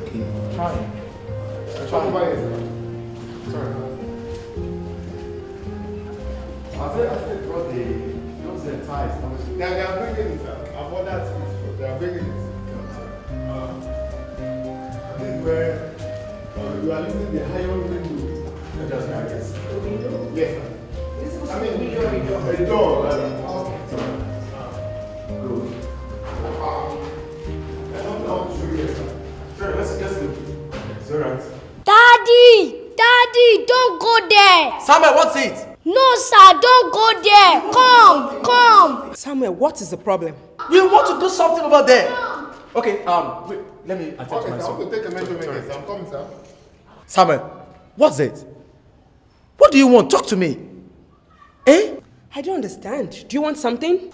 cookie. Trying. Try What is the problem? You want to do something over there. Okay, um, wait, let me attend okay, to myself. take a measurement. I'm coming, sir. Samuel, what's it? What do you want? Talk to me. Eh? I don't understand. Do you want something?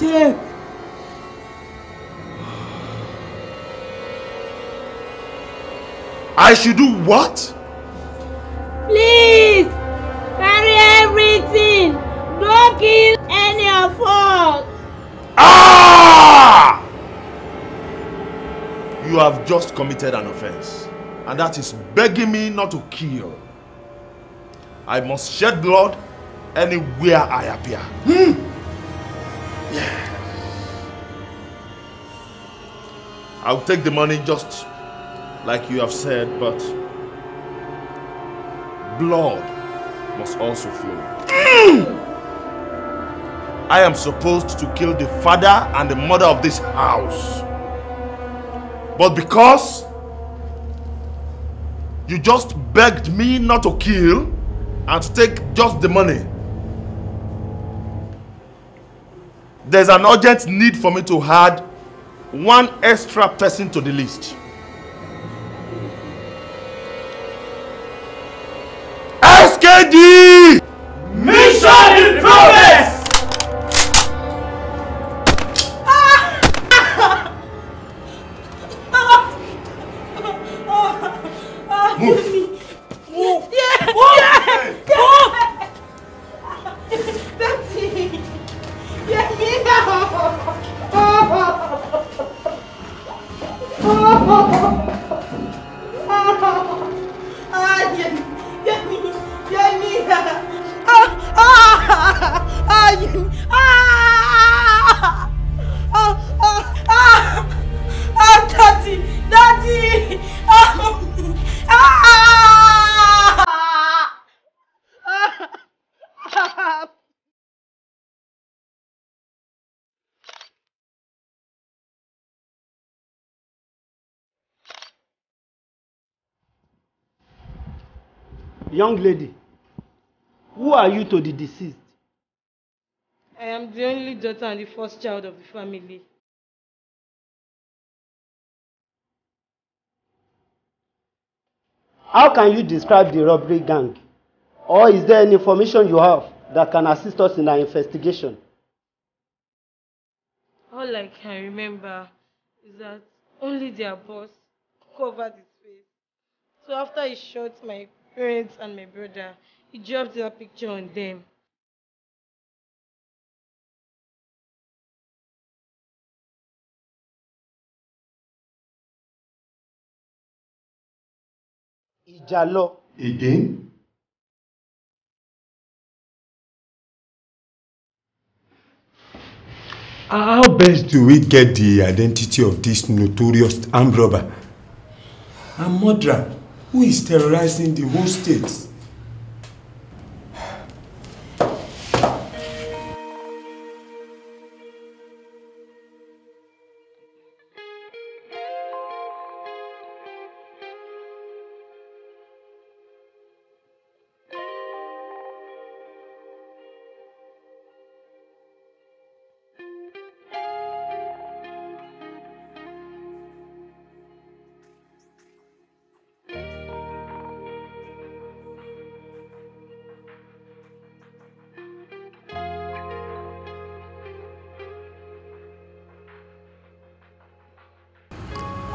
Jake. I should do what? Please, carry everything. Don't kill any of us. Ah! You have just committed an offense, and that is begging me not to kill. I must shed blood anywhere I appear. Hmm. I'll take the money just like you have said, but blood must also flow. I am supposed to kill the father and the mother of this house. But because you just begged me not to kill and to take just the money, there's an urgent need for me to hide one extra person to the list. Young lady, who are you to the deceased? I am the only daughter and the first child of the family. How can you describe the robbery gang? Or is there any information you have that can assist us in our investigation? All I can remember is that only their boss covered his face. So after he shot my parents and my brother. He dropped that picture on them. Ijalo. Again? How best do we get the identity of this notorious armed robber and murderer? who is terrorizing the whole state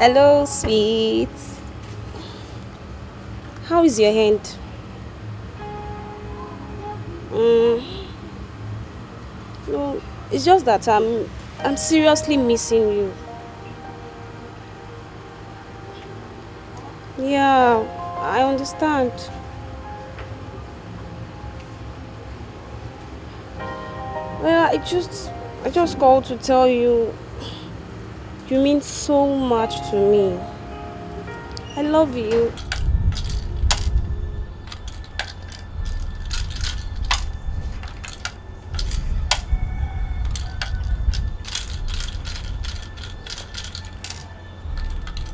Hello, sweet. How is your hand? Mm. No, it's just that I'm I'm seriously missing you. Yeah, I understand. Well, I just I just called to tell you you mean so much to me. I love you.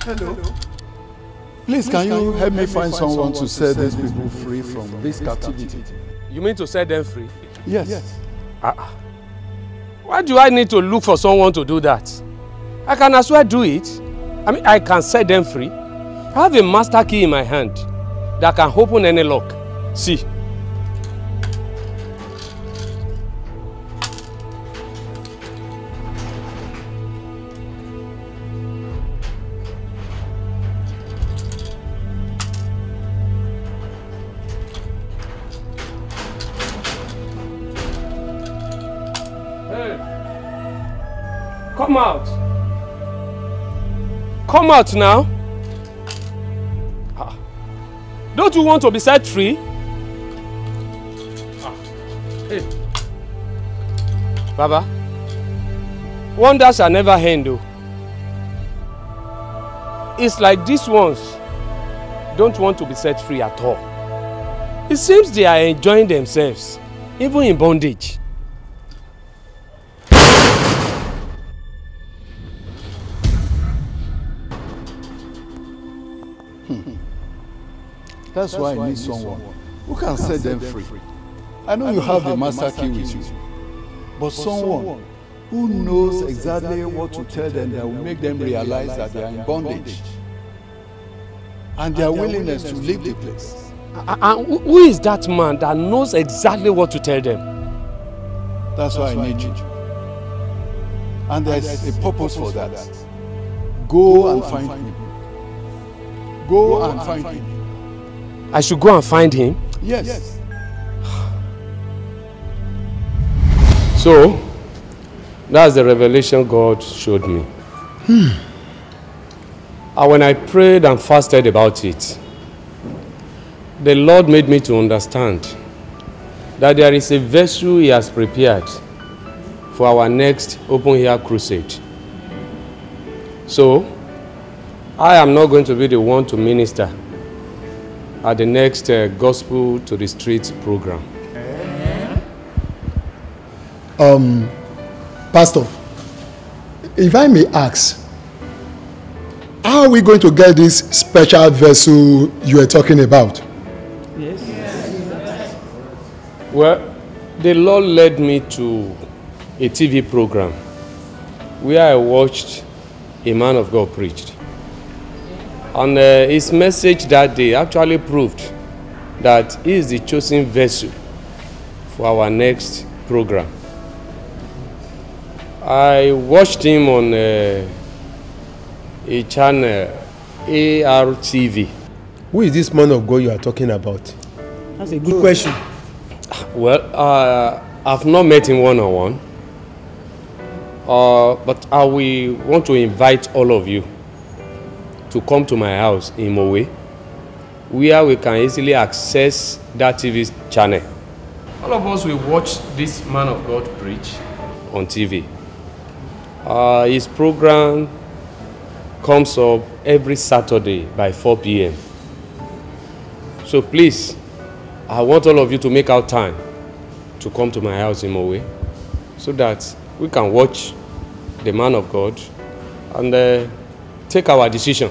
Hello. Please, Please, can, you, can you help, help me find, someone, someone to set these people free from, from this captivity? You mean to set them free? Yes. yes. Uh, ah, ah. why do I need to look for someone to do that? I can as well do it. I mean, I can set them free. I have a master key in my hand that can open any lock. See. Come out now. Ah. Don't you want to be set free? Ah. Hey. Baba, wonders are never end. Oh. It's like these ones don't want to be set free at all. It seems they are enjoying themselves, even in bondage. That's, why, I need someone who can, set them free. I know you have, the master key with you, but someone who knows exactly what to tell them that will make them realize that they are in bondage and their willingness to leave the place. And uh, uh, who is that man that knows exactly what to tell them? That's why I need you. And there's a purpose for that. Go and find him. Go and find him. I should go and find him? Yes. yes. So, that's the revelation God showed me. Hmm. And when I prayed and fasted about it, the Lord made me to understand that there is a vessel He has prepared for our next open air crusade. So, I am not going to be the one to minister at the next uh, Gospel to the Streets program. Um, Pastor, if I may ask, how are we going to get this special vessel you are talking about? Yes. yes. Well, the Lord led me to a TV program where I watched a man of God preached. And uh, his message that day actually proved that he is the chosen vessel for our next program. I watched him on uh, a channel, ARTV. Who is this man of God you are talking about? That's a good question. Well, uh, I've not met him one on one, uh, but I will want to invite all of you to come to my house in Mowe, where we can easily access that TV channel. All of us will watch this man of God preach on TV. Uh, his program comes up every Saturday by 4 p.m. So please, I want all of you to make out time to come to my house in Mowe so that we can watch the man of God and uh, take our decision.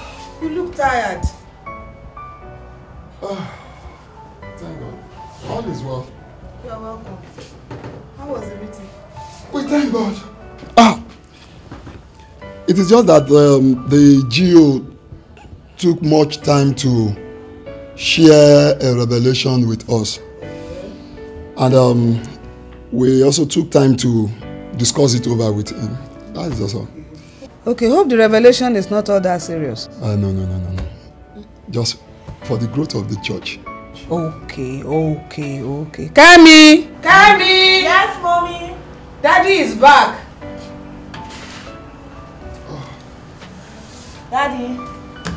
You look tired. Oh, thank God. All is well. You are welcome. How was the meeting? We thank God. Ah! It is just that um, the geo took much time to share a revelation with us. And um, we also took time to discuss it over with him. That is just all. Okay, hope the revelation is not all that serious. Uh, no, no, no, no, no. Just for the growth of the church. Okay, okay, okay. Kami! Kami! Yes, mommy. Daddy is back. Daddy,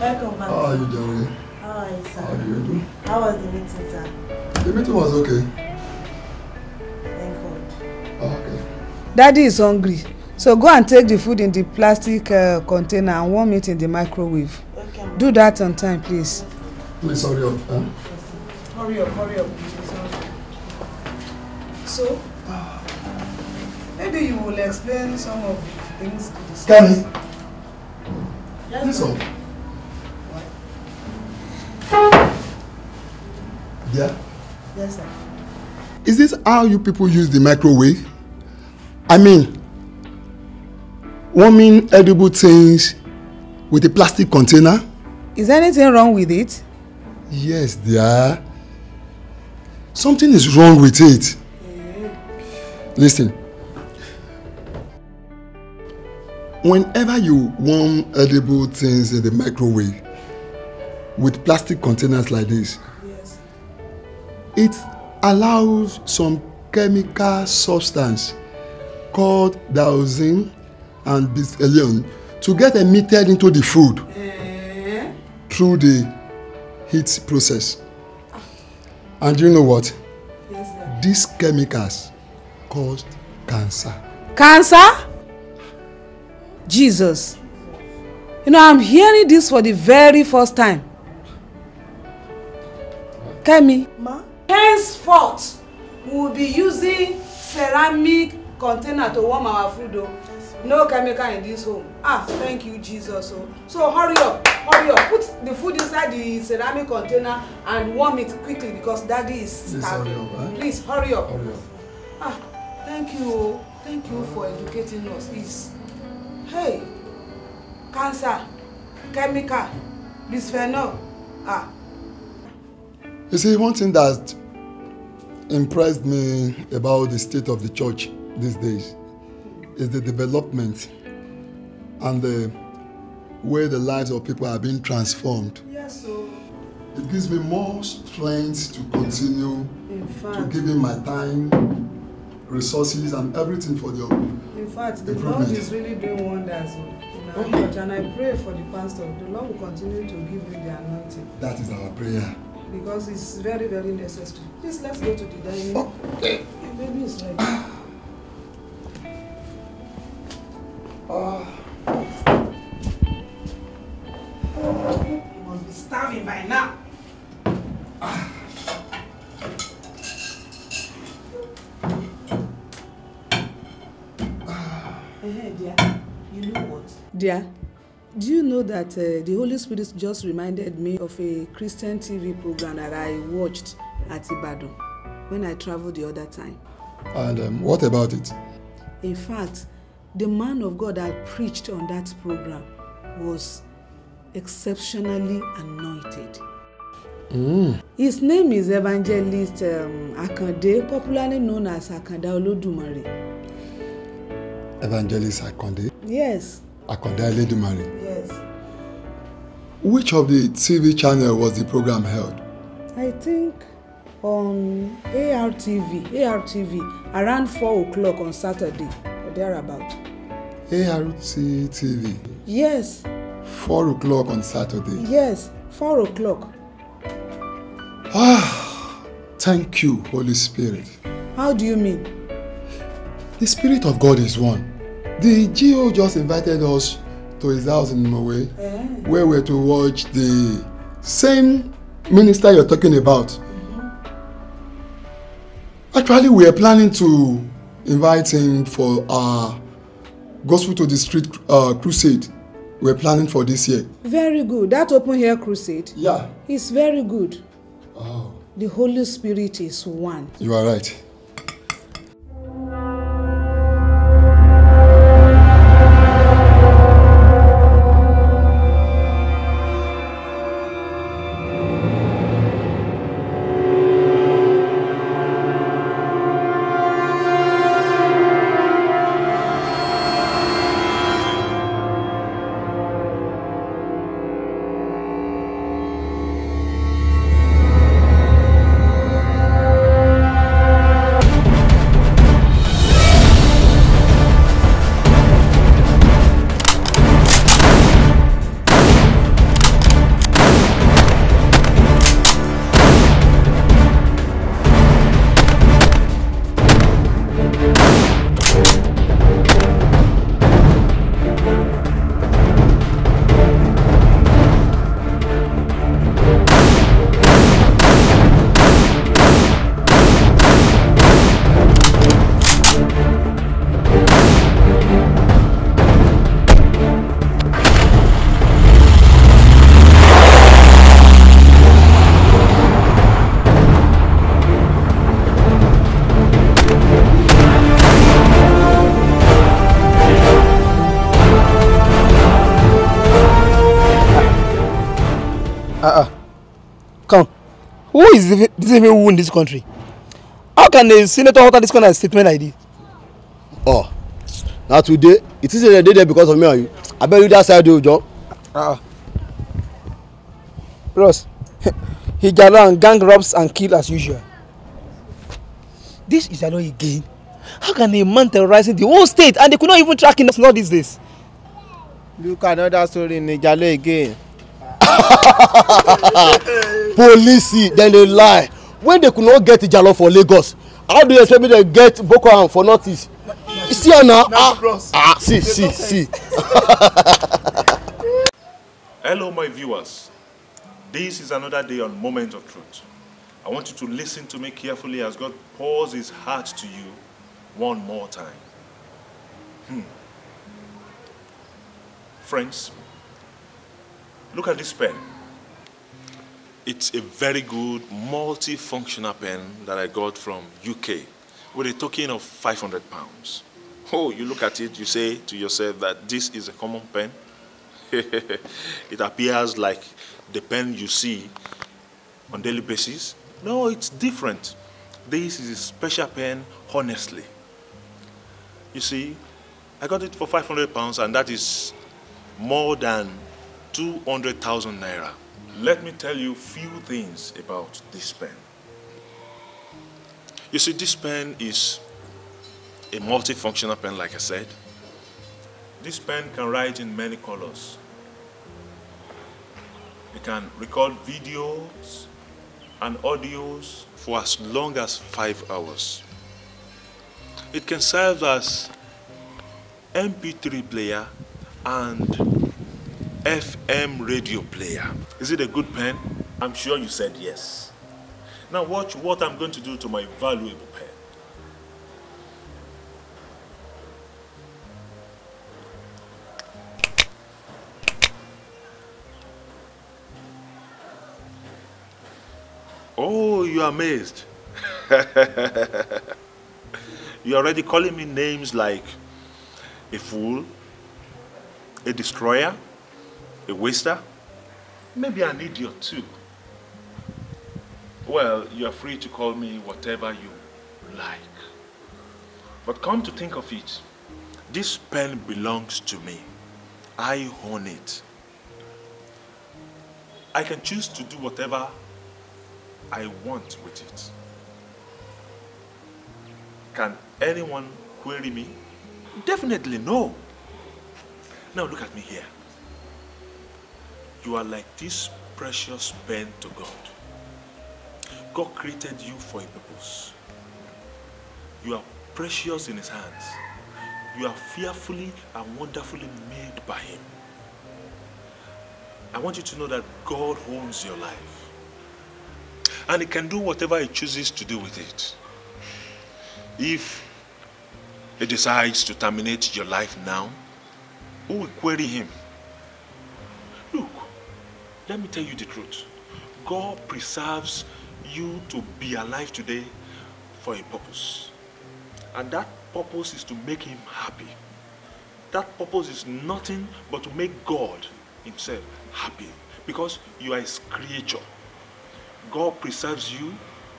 welcome back. How are you, Jerry? How are you, sir? How do you do? How was the meeting, sir? The meeting was okay. Thank God. Oh, okay. Daddy is hungry so go and take the food in the plastic uh, container and warm it in the microwave okay. do that on time please. please hurry up. Huh? hurry up hurry up. so maybe you will explain some of the things. kemi yes. this one. Yeah. Yes, sir. Is this how you people use the microwave? I mean, warming edible things with a plastic container. Is anything wrong with it? Yes, dear. Something is wrong with it. Listen. Whenever you warm edible things in the microwave with plastic containers like this, yes. it allows some chemical substance called dioxin and this eh, alien to get emitted into the food eh? through the heat process. Ah. And you know what? Yes, These chemicals caused cancer. Cancer? Jesus. You know, I'm hearing this for the very first time. Kemi. Ma? Henceforth, we will be using ceramic container to warm our food. Though no chemical in this home ah thank you jesus Oh, so, hurry up hurry up put the food inside the ceramic container and warm it quickly because daddy is starving please hurry up, hurry up. ah thank you oh. thank you for educating us is hey cancer chemical bisphenol ah. you see one thing that impressed me about the state of the church these days is the development and the way the lives of people are being transformed. Yes, It gives me more strength to continue to give giving my time, resources, and everything for the In fact, the Lord is really doing wonders in our church, and I pray for the pastor. The Lord will continue to give you the anointing. That is our prayer. Because it's very, very necessary. Please, let's go to the dining. Okay. baby is Oh. You must be starving by now. Ah. Eh, eh, dear, you know what? Dear, do you know that uh, the Holy Spirit just reminded me of a Christian TV program that I watched at Ibadan when I traveled the other time? And um, what about it? In fact, the man of God that preached on that program was exceptionally anointed. Mm. His name is Evangelist um, Akande, popularly known as Akanda Olodumare. Evangelist Akande? Yes. Akanda Olodumare? Yes. Which of the TV channel was the program held? I think on ARTV, ARTV around 4 o'clock on Saturday thereabout. ART TV. Yes. Four o'clock on Saturday. Yes, four o'clock. Ah, thank you, Holy Spirit. How do you mean? The Spirit of God is one. The GO just invited us to his house in Norway, uh eh. where we're to watch the same minister you're talking about. Mm -hmm. Actually, we are planning to invite him for our Gospel to the Street uh, crusade we're planning for this year. Very good. That open air crusade. Yeah. It's very good. Oh. The Holy Spirit is one. You are right. is this, this even who in this country? How can a senator utter this kind of statement like this? Oh, now today it is a day there because of me and you. I bet you that side o jo. Ah. Ross, he gather and gang robs and kill as usual. This is another again. How can a man terrorizing the whole state and they could not even track him not these this. Look another story in Nijalo again. police Then they lie when they could not get jalo for lagos how do you expect me to get boko haram for notice? see am na ah ah see see see. hello my viewers this is another day on moment of truth i want you to listen to me carefully as god pours his heart to you one more time hmm. friends look at this pen it's a very good multifunctional pen that I got from UK with a token of 500 pounds. Oh, you look at it, you say to yourself that this is a common pen. it appears like the pen you see on daily basis. No, it's different. This is a special pen, honestly. You see, I got it for 500 pounds and that is more than 200,000 naira let me tell you few things about this pen. You see, this pen is a multifunctional pen, like I said. This pen can write in many colors. It can record videos and audios for as long as five hours. It can serve as MP3 player and FM radio player. Is it a good pen? I'm sure you said yes. Now watch what I'm going to do to my valuable pen. Oh, you're amazed. you're already calling me names like a fool, a destroyer, a waster, maybe an idiot too. Well, you are free to call me whatever you like. But come to think of it, this pen belongs to me. I own it. I can choose to do whatever I want with it. Can anyone query me? Definitely no. Now look at me here. You are like this precious pen to God. God created you for a purpose. You are precious in His hands. You are fearfully and wonderfully made by Him. I want you to know that God owns your life. And He can do whatever He chooses to do with it. If He decides to terminate your life now, who will query Him? Let me tell you the truth. God preserves you to be alive today for a purpose. And that purpose is to make him happy. That purpose is nothing but to make God himself happy. Because you are his creature. God preserves you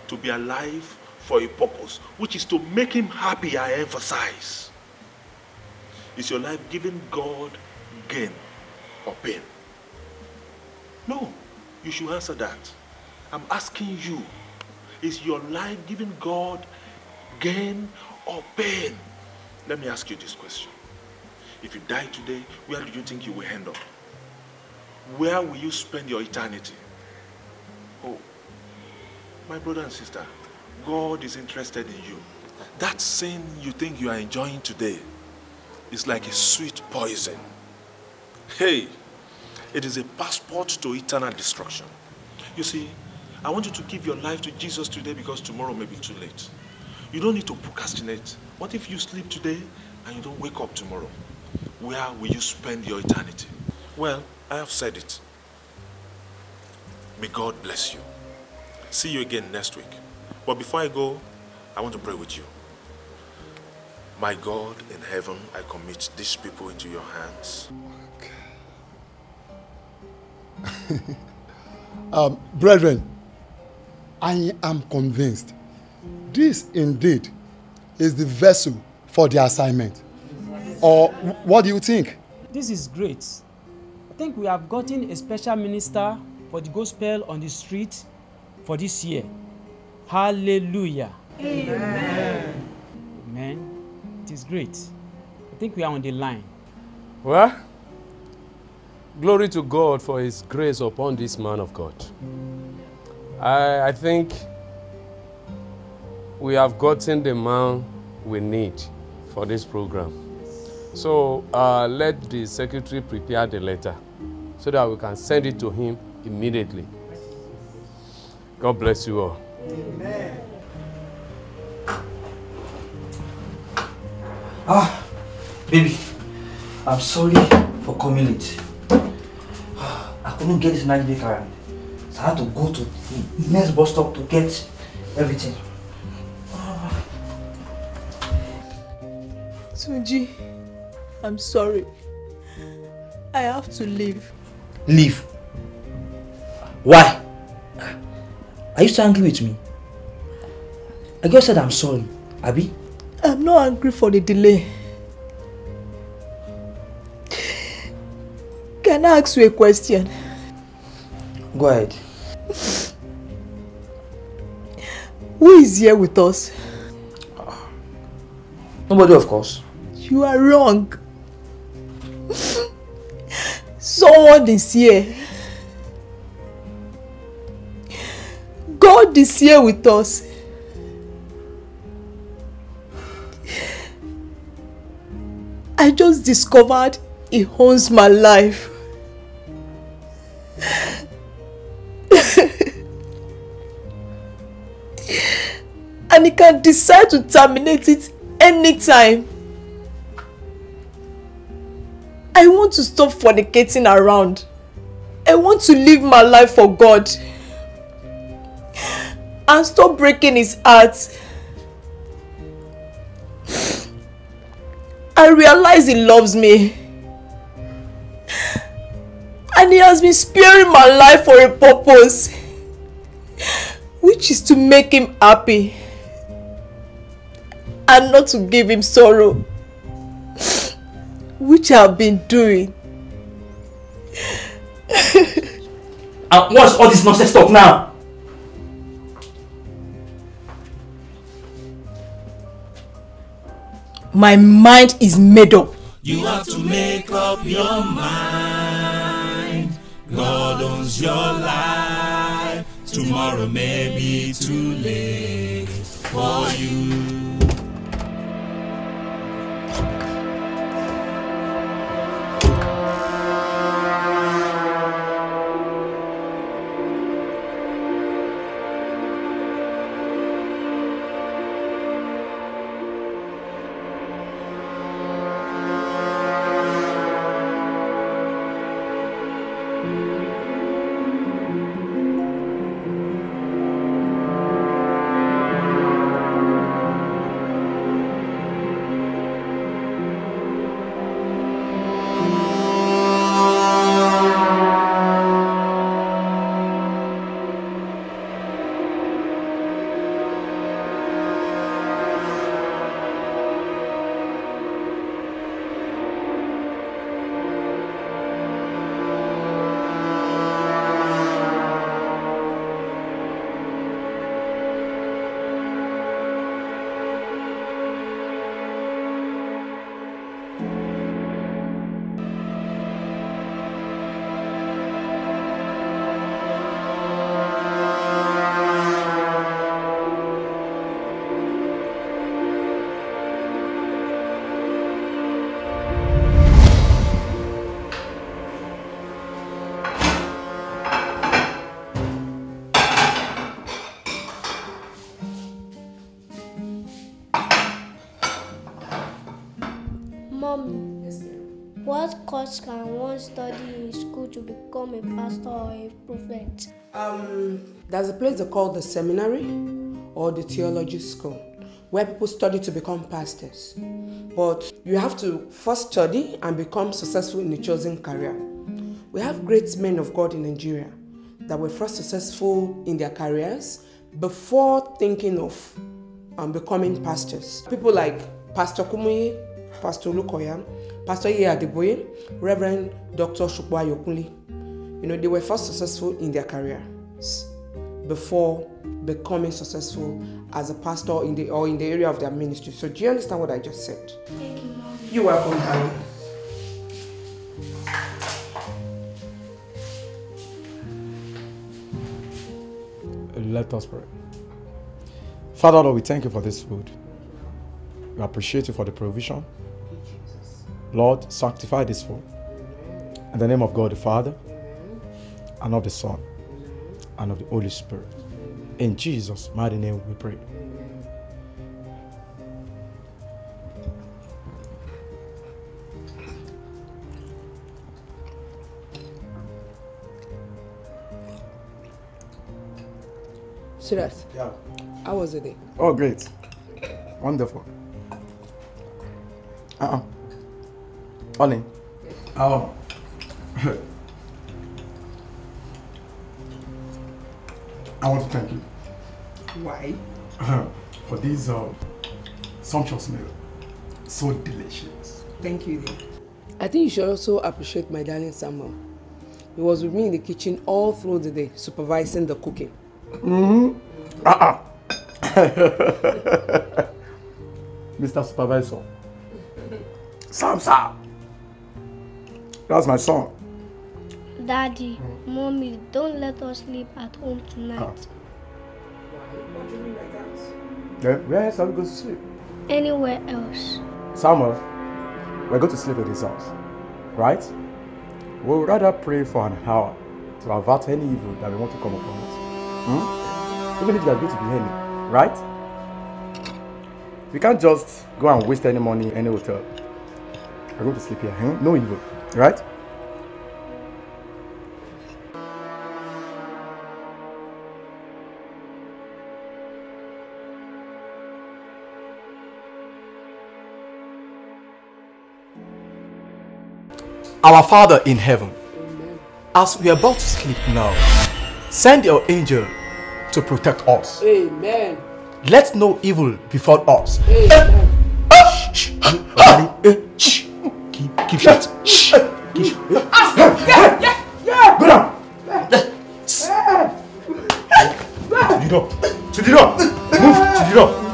to be alive for a purpose, which is to make him happy, I emphasize. Is your life giving God gain or pain? No, you should answer that. I'm asking you, is your life giving God gain or pain? Let me ask you this question. If you die today, where do you think you will end up? Where will you spend your eternity? Oh, my brother and sister, God is interested in you. That sin you think you are enjoying today is like a sweet poison. Hey, it is a passport to eternal destruction. You see, I want you to give your life to Jesus today because tomorrow may be too late. You don't need to procrastinate. What if you sleep today and you don't wake up tomorrow? Where will you spend your eternity? Well, I have said it. May God bless you. See you again next week. But before I go, I want to pray with you. My God in heaven, I commit these people into your hands. um, brethren, I am convinced this indeed is the vessel for the assignment. Or what do you think? This is great. I think we have gotten a special minister for the gospel on the street for this year. Hallelujah. Amen. Amen. It is great. I think we are on the line. What? Glory to God for His grace upon this man of God. I, I think we have gotten the man we need for this program. So uh, let the secretary prepare the letter so that we can send it to him immediately. God bless you all. Amen. Ah, baby, I'm sorry for coming late couldn't get his magic around. So I had to go to the next bus stop to get everything. Tunji, I'm sorry. I have to leave. Leave? Why? Are you still angry with me? I just said I'm sorry, Abby. I'm not angry for the delay. Can I ask you a question? Go ahead. Who is here with us? Nobody, of course. You are wrong. Someone is here. God is here with us. I just discovered he owns my life. and he can decide to terminate it anytime. I want to stop fornicating around. I want to live my life for God and stop breaking his heart. I realize he loves me. And he has been sparing my life for a purpose, which is to make him happy and not to give him sorrow, which I've been doing. and what's all this nonsense talk now? My mind is made up. You have to make up your mind. God owns your life. Tomorrow may be too late for you. What can one study in school to become a pastor or a prophet? Um, there's a place they call the seminary or the theology school where people study to become pastors. But you have to first study and become successful in the chosen career. We have great men of God in Nigeria that were first successful in their careers before thinking of um, becoming pastors. People like Pastor Kumuyi, Pastor Lukoya, Pastor E. Adeboye, Reverend Dr. Shukwa Yokunle. You know, they were first successful in their careers before becoming successful as a pastor in the or in the area of their ministry. So do you understand what I just said? Thank you, Mom. You're welcome, darling. Let us pray. Father Lord, we thank you for this food. We appreciate you for the provision. Lord, sanctify this food. In the name of God the Father, and of the Son, and of the Holy Spirit. In Jesus' mighty name we pray. Surat. Yeah. How was the day? Oh, great. Wonderful. Uh-uh. Olhem. Oh. I want to thank you. Why? For this uh, sumptuous meal. So delicious. Thank you, dear. I think you should also appreciate my darling Samuel. He was with me in the kitchen all through the day, supervising the cooking. Mm-hmm. Ah, ah. Mr. Supervisor. Sam, Sam. That's my song. Daddy, mm. mommy, don't let us sleep at home tonight. Ah. Yeah, where else are we going to sleep? Anywhere else. Samuel, we're going to sleep at his house, right? We would rather pray for an hour to avert any evil that we want to come upon us. Hmm? Even if there going to be any, right? We can't just go and waste any money in any hotel. We're going to sleep here. Hmm? No evil right? Our Father in heaven, as we are about to sleep now, send your angel to protect us. Amen. Let no evil befall us. Amen. Eh. keep keep shut. Shh. Keep shut. Ah, yeah, yeah, yeah. Go down. To the door. To the door. Move to the door.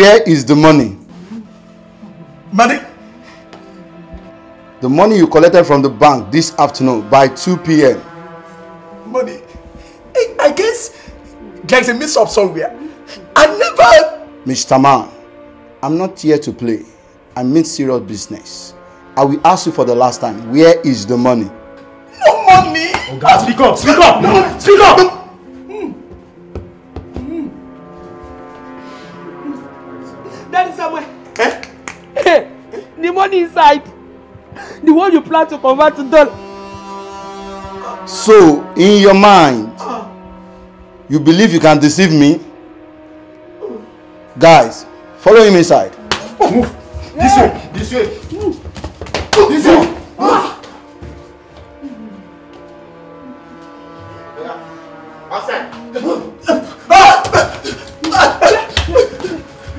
Where is the money? Money? The money you collected from the bank this afternoon by 2 p.m. Money? I, I guess there's a mix-up somewhere. I never... Mr. Man, I'm not here to play. I mean serious business. I will ask you for the last time, where is the money? No money! Oh God, speak up, speak up! No, speak up! inside the one you plan to convert to dollar. So, in your mind, you believe you can deceive me? Guys, follow him inside. move. This way. This way. Move. This way.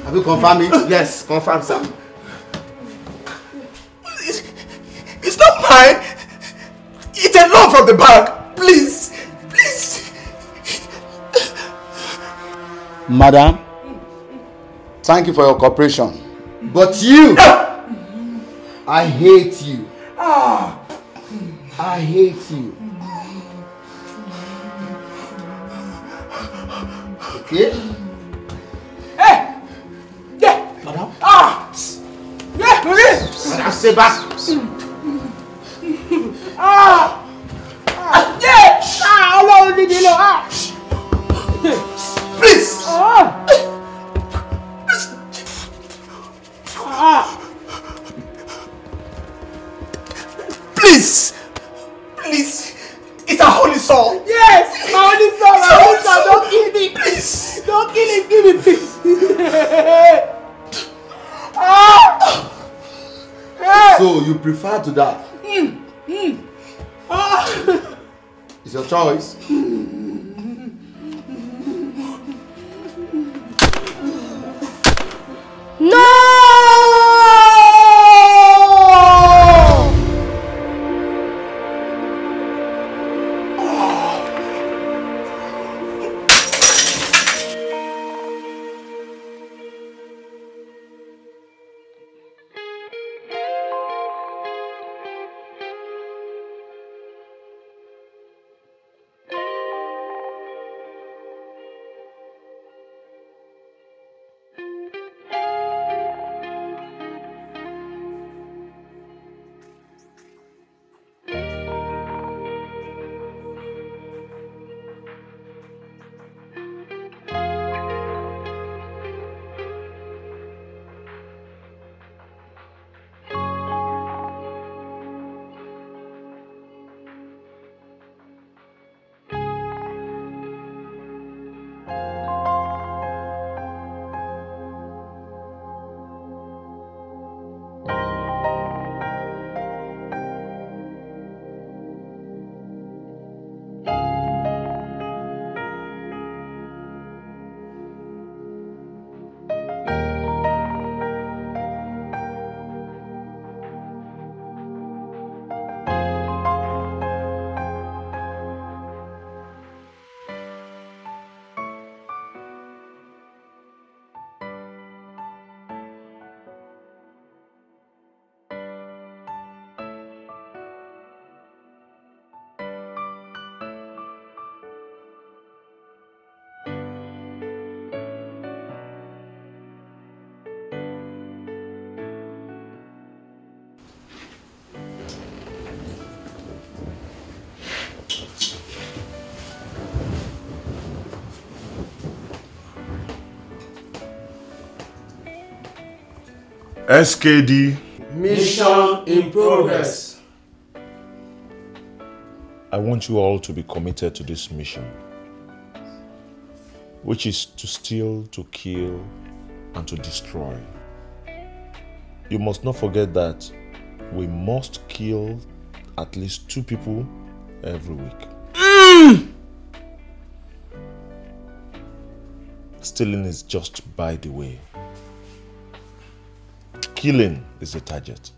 Have you confirmed it? Yes, confirm, sir. out from the bank, please, please. Madam, thank you for your cooperation. But you, I hate you. Ah, I hate you. Okay? Hey! Eh! Yeah! Madam? Ah! Yeah! Madam, stay back! Ah! lọ odidi lọ ah. please. Ah. please please it's a holy soul. yes my holy soul my holy soul don't kill me please don't kill him give me peace. ah. Hey. so you prefer to die. It's your choice. SKD Mission in Progress. I want you all to be committed to this mission, which is to steal, to kill, and to destroy. You must not forget that we must kill at least two people every week. Mm! Stealing is just by the way. Killing is the target.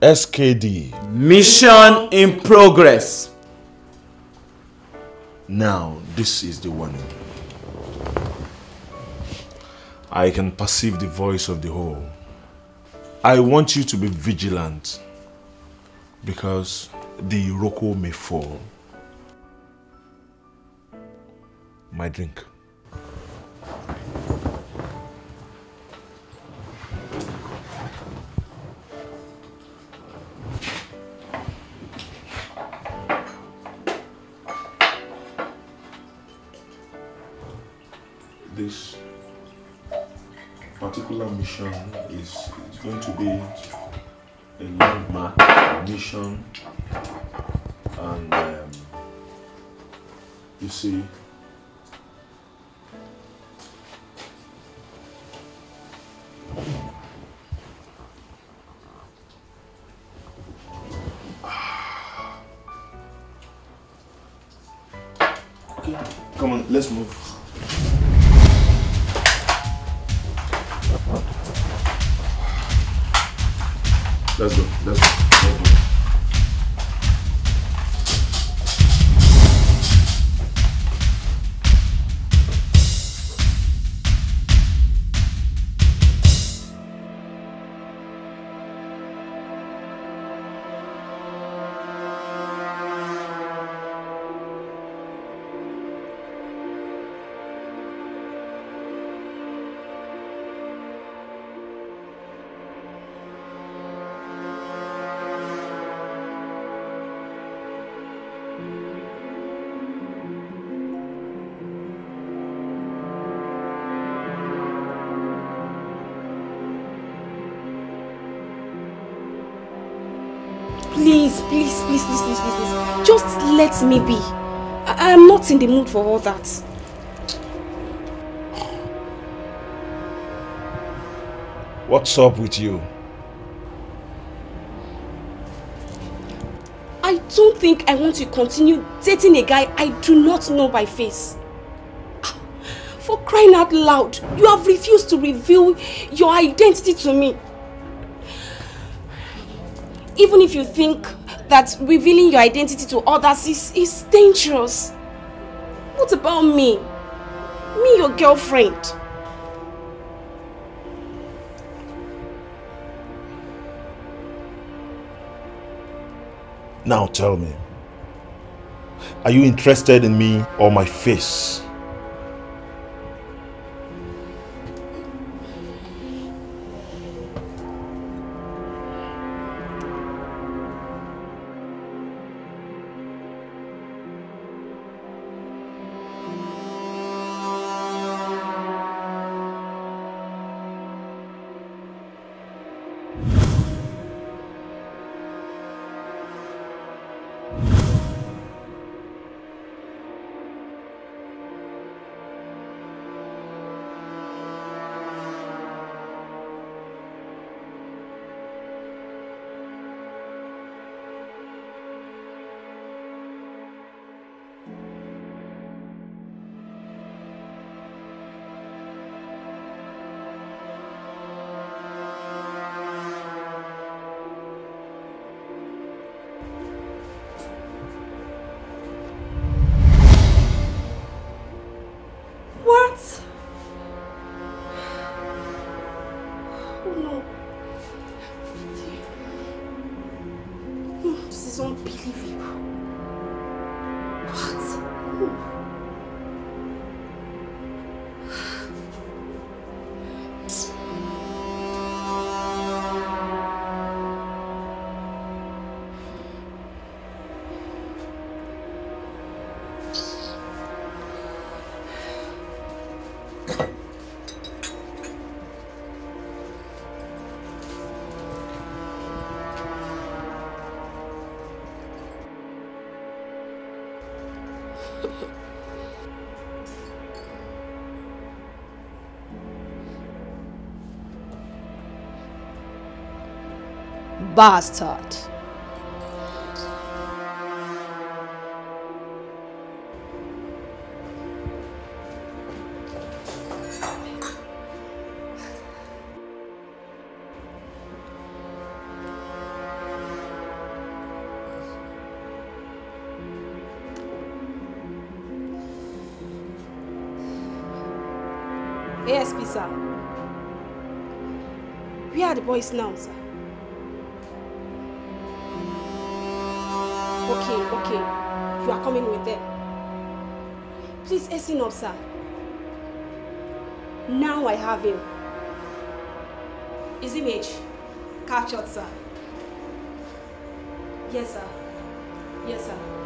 SKD. Mission in progress. Now, this is the warning. I can perceive the voice of the whole. I want you to be vigilant because the Iroko may fall. My drink. Please, please, please, please, please, please, please. Just let me be. I, I am not in the mood for all that. What's up with you? I don't think I want to continue dating a guy I do not know by face. Ah, for crying out loud, you have refused to reveal your identity to me. Even if you think that revealing your identity to others is, is dangerous. What about me? Me, your girlfriend. Now tell me, are you interested in me or my face? Bastard. voice now, sir. Okay, okay. You are coming with them. Please hasten up, sir. Now I have him. His image captured, sir. Yes, sir. Yes, sir.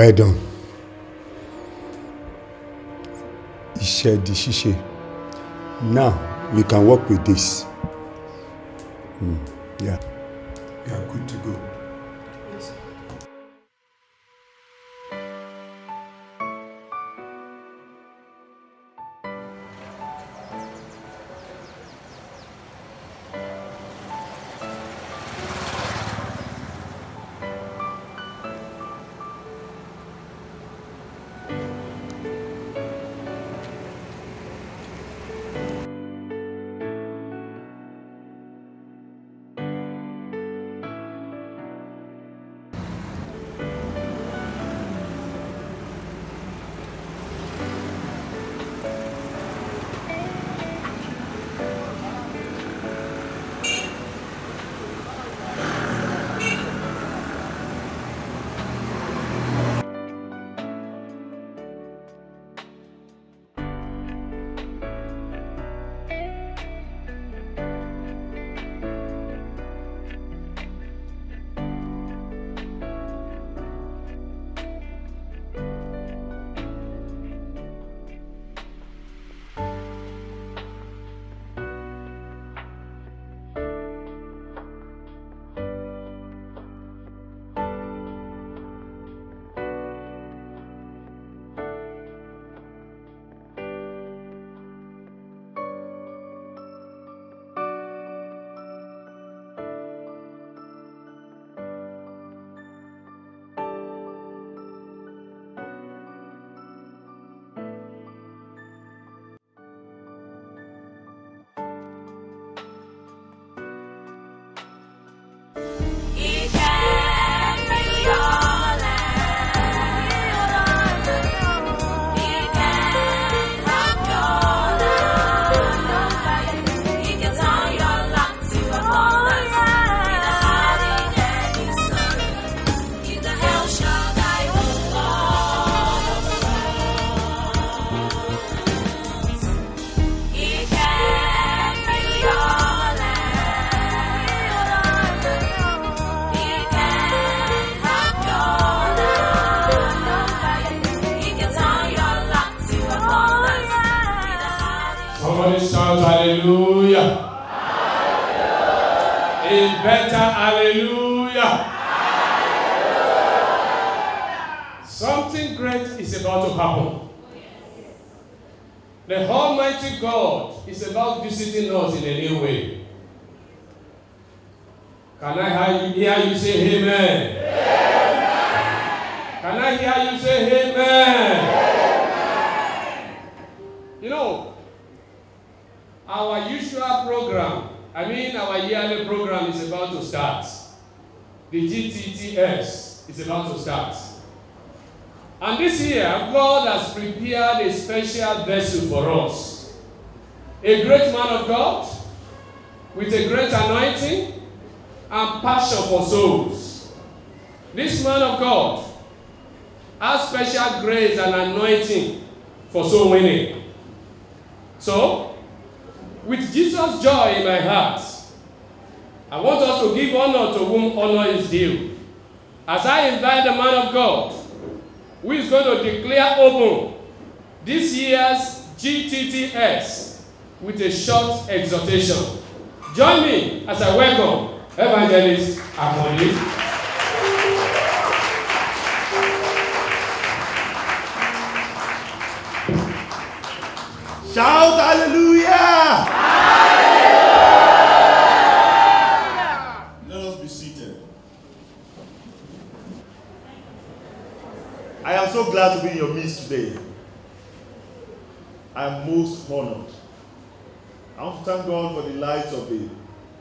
well done iṣẹ́ di ṣíṣe now we can work with this mm, yeah. better. Hallelujah. Something great is about to happen. The Almighty God is about visiting us in a new way. Can I hear you say amen? years is about to start. And this year, God has prepared a special vessel for us. A great man of God with a great anointing and passion for souls. This man of God has special grace and anointing for soul winning. So, with Jesus' joy in my heart, I want us to give honor to whom honor is due. As I invite the man of God, who is going to declare open this year's GTTS with a short exhortation. Join me as I welcome Evangelist Amoni. Shout hallelujah! am so glad to be in your midst today. I'm most honored. I want to thank God for the light of the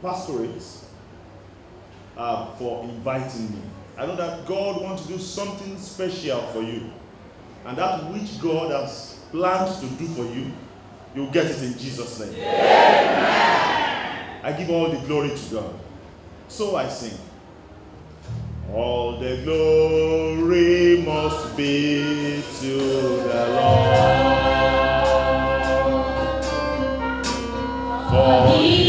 pastorates uh, for inviting me. I know that God wants to do something special for you. And that which God has planned to do for you, you'll get it in Jesus' name. I give all the glory to God. So I sing. All the glory must be to the Lord. For he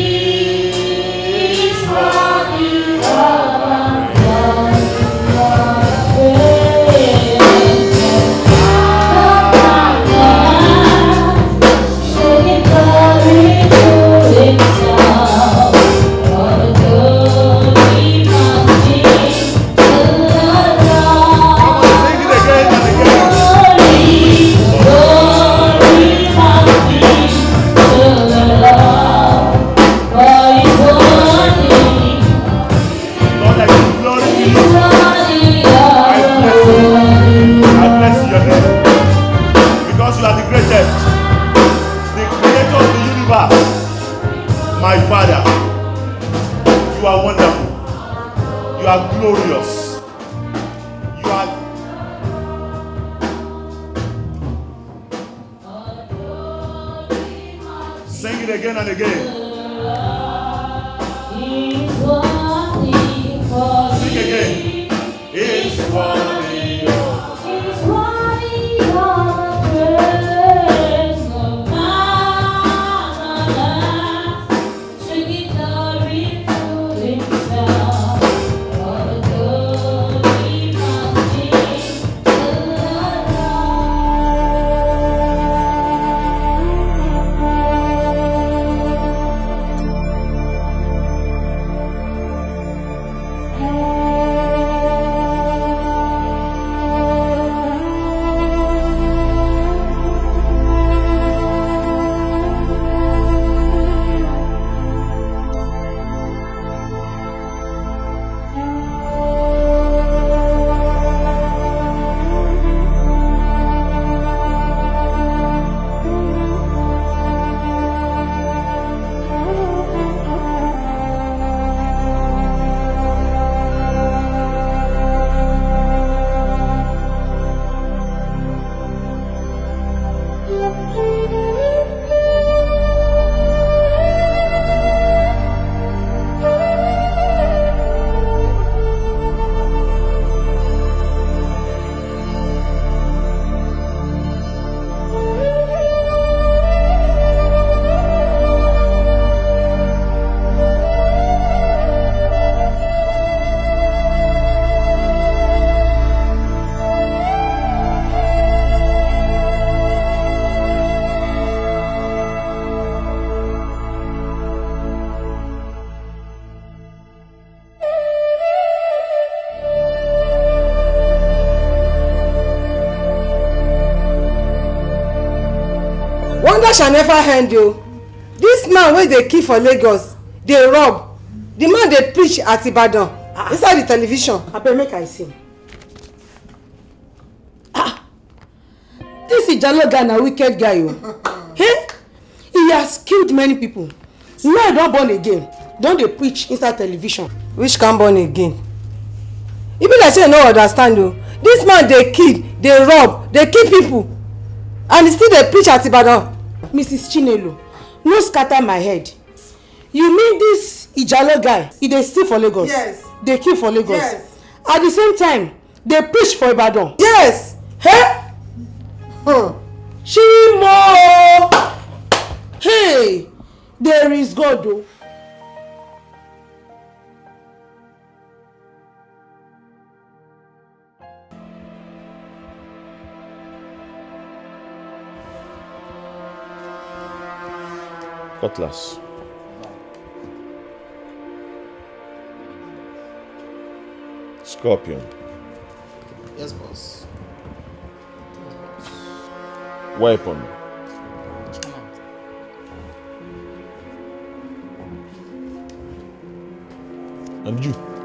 glorious. never end o This man wey dey kill for lagos dey rob The man dey preach at ibadan ah. inside the television abeg make i see ah this ijalo guy na wicked guy o hey e has killed many people. now e don born again don dey preach inside television which can born again e be like say you no understand o This man dey kill dey rob dey kill people, and e still dey preach at ibadan mrs chinelo no scatter my head you mean this ijalo guy He they steal for lagos Yes. They kill for lagos Yes. at the same time they preach for ibadan yes hey hmm chimo hey there is god o. Cutlass. Scorpion. Yes, boss. Weapon. And you.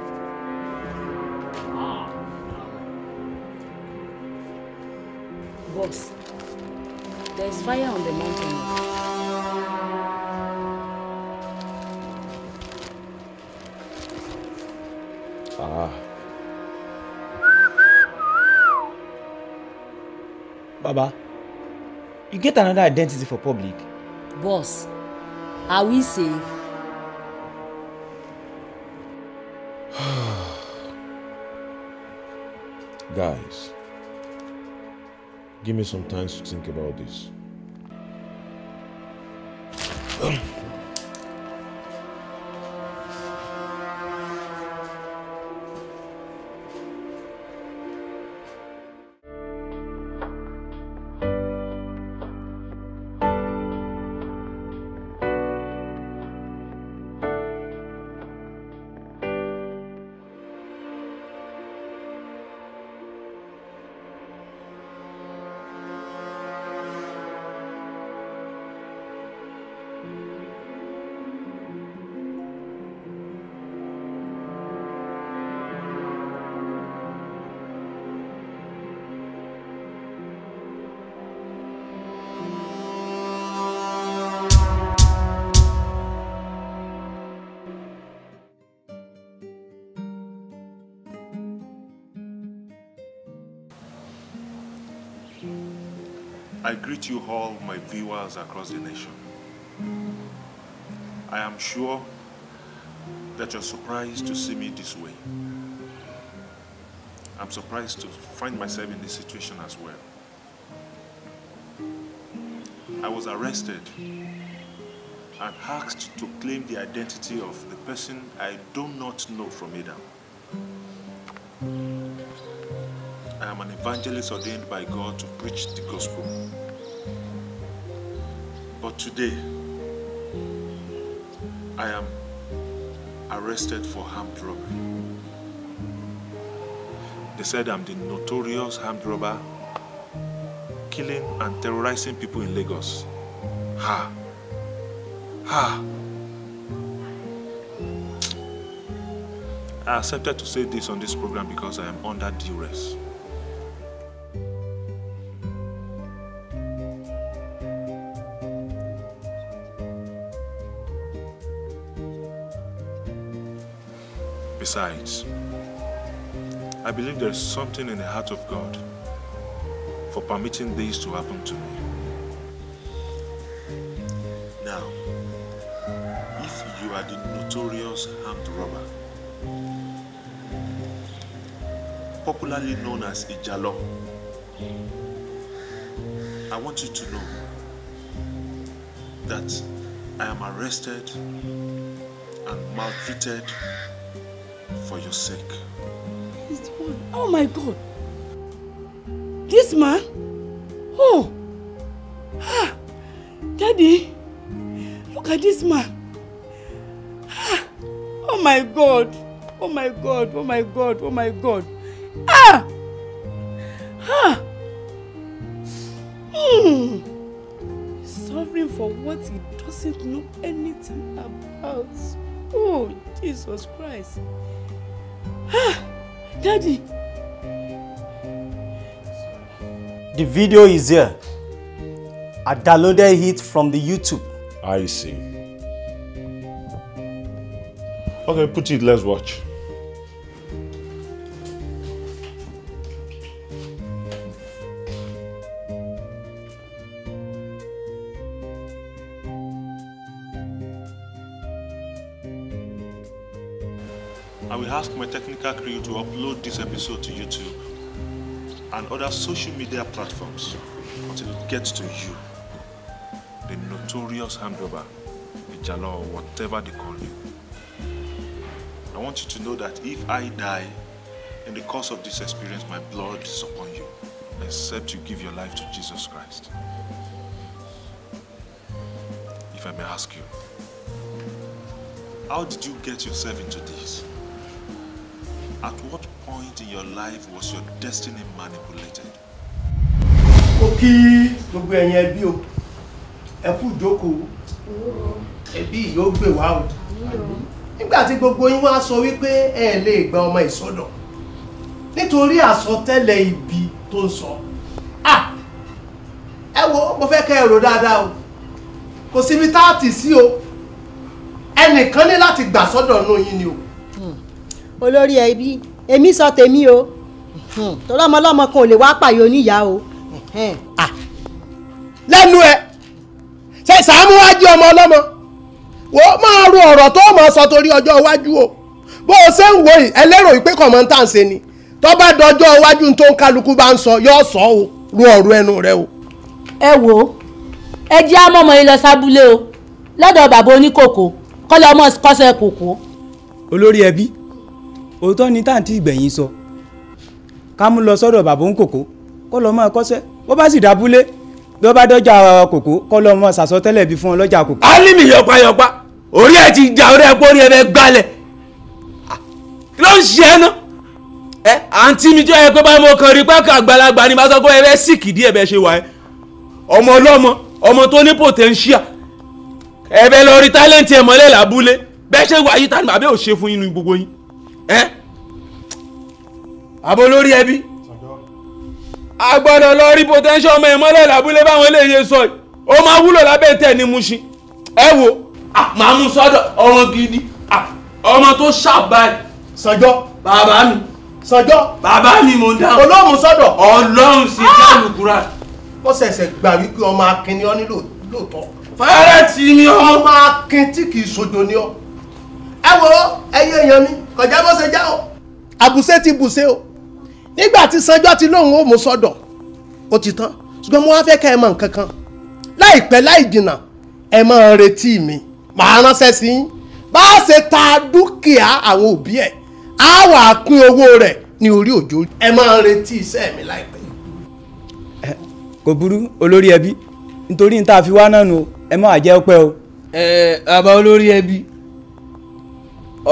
You get another identity for public. Boss, are we safe? Guys, give me some time to think about this. greet you all, my viewers across the nation. I am sure that you're surprised to see me this way. I'm surprised to find myself in this situation as well. I was arrested and asked to claim the identity of the person I do not know from Adam. I am an evangelist ordained by God to preach the gospel. But today, I am arrested for armed robbery. They said I'm the notorious armed robber killing and terrorizing people in Lagos. Ha! Ha! I accepted to say this on this program because I am under duress. sides. I believe there is something in the heart of God for permitting this to happen to me. Now, if you are the notorious armed robber, popularly known as Ijalo, I want you to know that I am arrested and maltreated for your sake. He's the one. Oh my God. This man? Oh. Ah. Daddy. Look at this man. Ah. Oh my God. Oh my God. Oh my God. Oh my God. Ah. Ah. Hmm. Suffering for what he doesn't know anything about. Oh, Jesus Christ. Daddy. The video is here. I downloaded it from the YouTube. I see. Okay, put it, let's watch. Kakri to upload this episode to YouTube and other social media platforms until it gets to you. The notorious hand robber, the Jala, or whatever they call you. I want you to know that if I die in the course of this experience, my blood is upon you, except you give your life to Jesus Christ. If I may ask you, how did you get yourself into this? At what point in your life was your destiny manipulated? Ó kí gbogbo ẹ̀yin ẹbí o, ẹ kú ìjókòó, ẹbí yóò gbè wá o. Nígbà tí gbogbo yín wá sọ wípé ẹ lè gba ọmọ ìsọdọ̀ nítorí àsọtẹ́lẹ̀ ibi tó ń sọ. Ẹ wo mo fẹ́ kẹ́ ẹ rò dáadáa o, kò síbi táàtì sí o, ẹnìkan ní láti gbà sọ́dọ̀ nù yín ni o. olórí ẹbí èmi sọ tèmi o hmm. torí kan ò lè wá pààyè o. Hmm. Ah. lẹ́nu ẹ ṣe Sàámú ọmọlọmọ ọmọ ọlọ́mọ wò máa ọ̀rọ̀ tó máa sọ torí ọjọ́ iwájú o bó o ṣe ń wo ẹlẹ́rọ ìpè ni tó bá dọjọ́ iwájú tó ń kálukú bá ń sọ yóò sọ o ọ̀rọ̀ rẹ o. ẹ wo ẹ jẹ́ o lọ́dọ̀ bàbá oníkòkò ọmọ kòkó. olórí ẹbí òótọ́ ni táǹtì ìgbẹ̀yìn sọ ká mú lọ sọ́dọ̀ bàbá ń kòkó kó lọ́ọ́ máa kọ́ṣẹ́ bó bá sì dábúlé bí wọ́n bá dọ́jà kòkó kó lọ́ọ́ máa sàsọtẹ́lẹ̀ bí fún ọ lọ́jà kòkó. alimi yọpa yọpa orí ẹ ti jà orí ẹ pé orí ẹ fẹ́ gbalẹ̀ kí ló ń ṣe ẹ náà ẹ àǹtí mi jẹ́ ẹ pé báyìí mo kàn rí pé àgbàlagbà ni màá sọ pé ẹ fẹ́ síkì díẹ̀ bẹ́ẹ̀ ṣe wà ẹ ọmọ ọlọ́mọ ọmọ tó ní potential ẹ fẹ́ lọ rí tálẹ́ǹtì ẹ mọ́lẹ̀ lábúlé bẹ́ẹ̀ ṣe wà yí tani bàbá ò ṣe fún yín gbogbo yín ẹ àbò lórí ẹbí a gbọ́dọ̀ lọ rí potential ọmọ ẹ̀ mọ́lẹ̀ lábúlé báwọn eléyè sọ yìí ó máa wúlò lábẹ́ tẹ̀ ní Mushin ẹ wo màá mú sọ́dọ̀ ọmọ gidi ọmọ tó ṣàbáyé. sọjọ́ bàbá mi. sọjọ́ bàbá mi mo ń dáhùn. olóhùn sọ́dọ̀. ọlọ́run sì dáhùn kúrà. ó ṣẹ̀ṣẹ̀ gbà wípé ọmọ akin ni ọ́ nílò lóòótọ́. fẹ́rẹ̀ tì mí ọmọ. akin tí kì í sojo ni ọ́. ẹ wo ẹyẹ èèyàn mi kọjá bó ṣe já o. àbùṣe ti bùṣe o nígbà tí sanjọ́ ti lóun ó mú sọ́dọ̀ ó ti tán ṣùgbọ́n mo wá fẹ́ ká ẹ mọ̀ nǹkan kan láìpẹ́ láì jìnnà ẹ máa retí mi màá ránṣẹ́ sí yín bá a ṣe ta dúkìá àwọn òbí ẹ á wà á pín owó rẹ ní orí òjò. ẹ máa retí iṣẹ́ mi láìpẹ́. kò burú olórí ẹbí nítorí níta fi wá náà nù ẹ má jẹ́ ọpẹ́ o. ẹ bàbá olórí ẹbí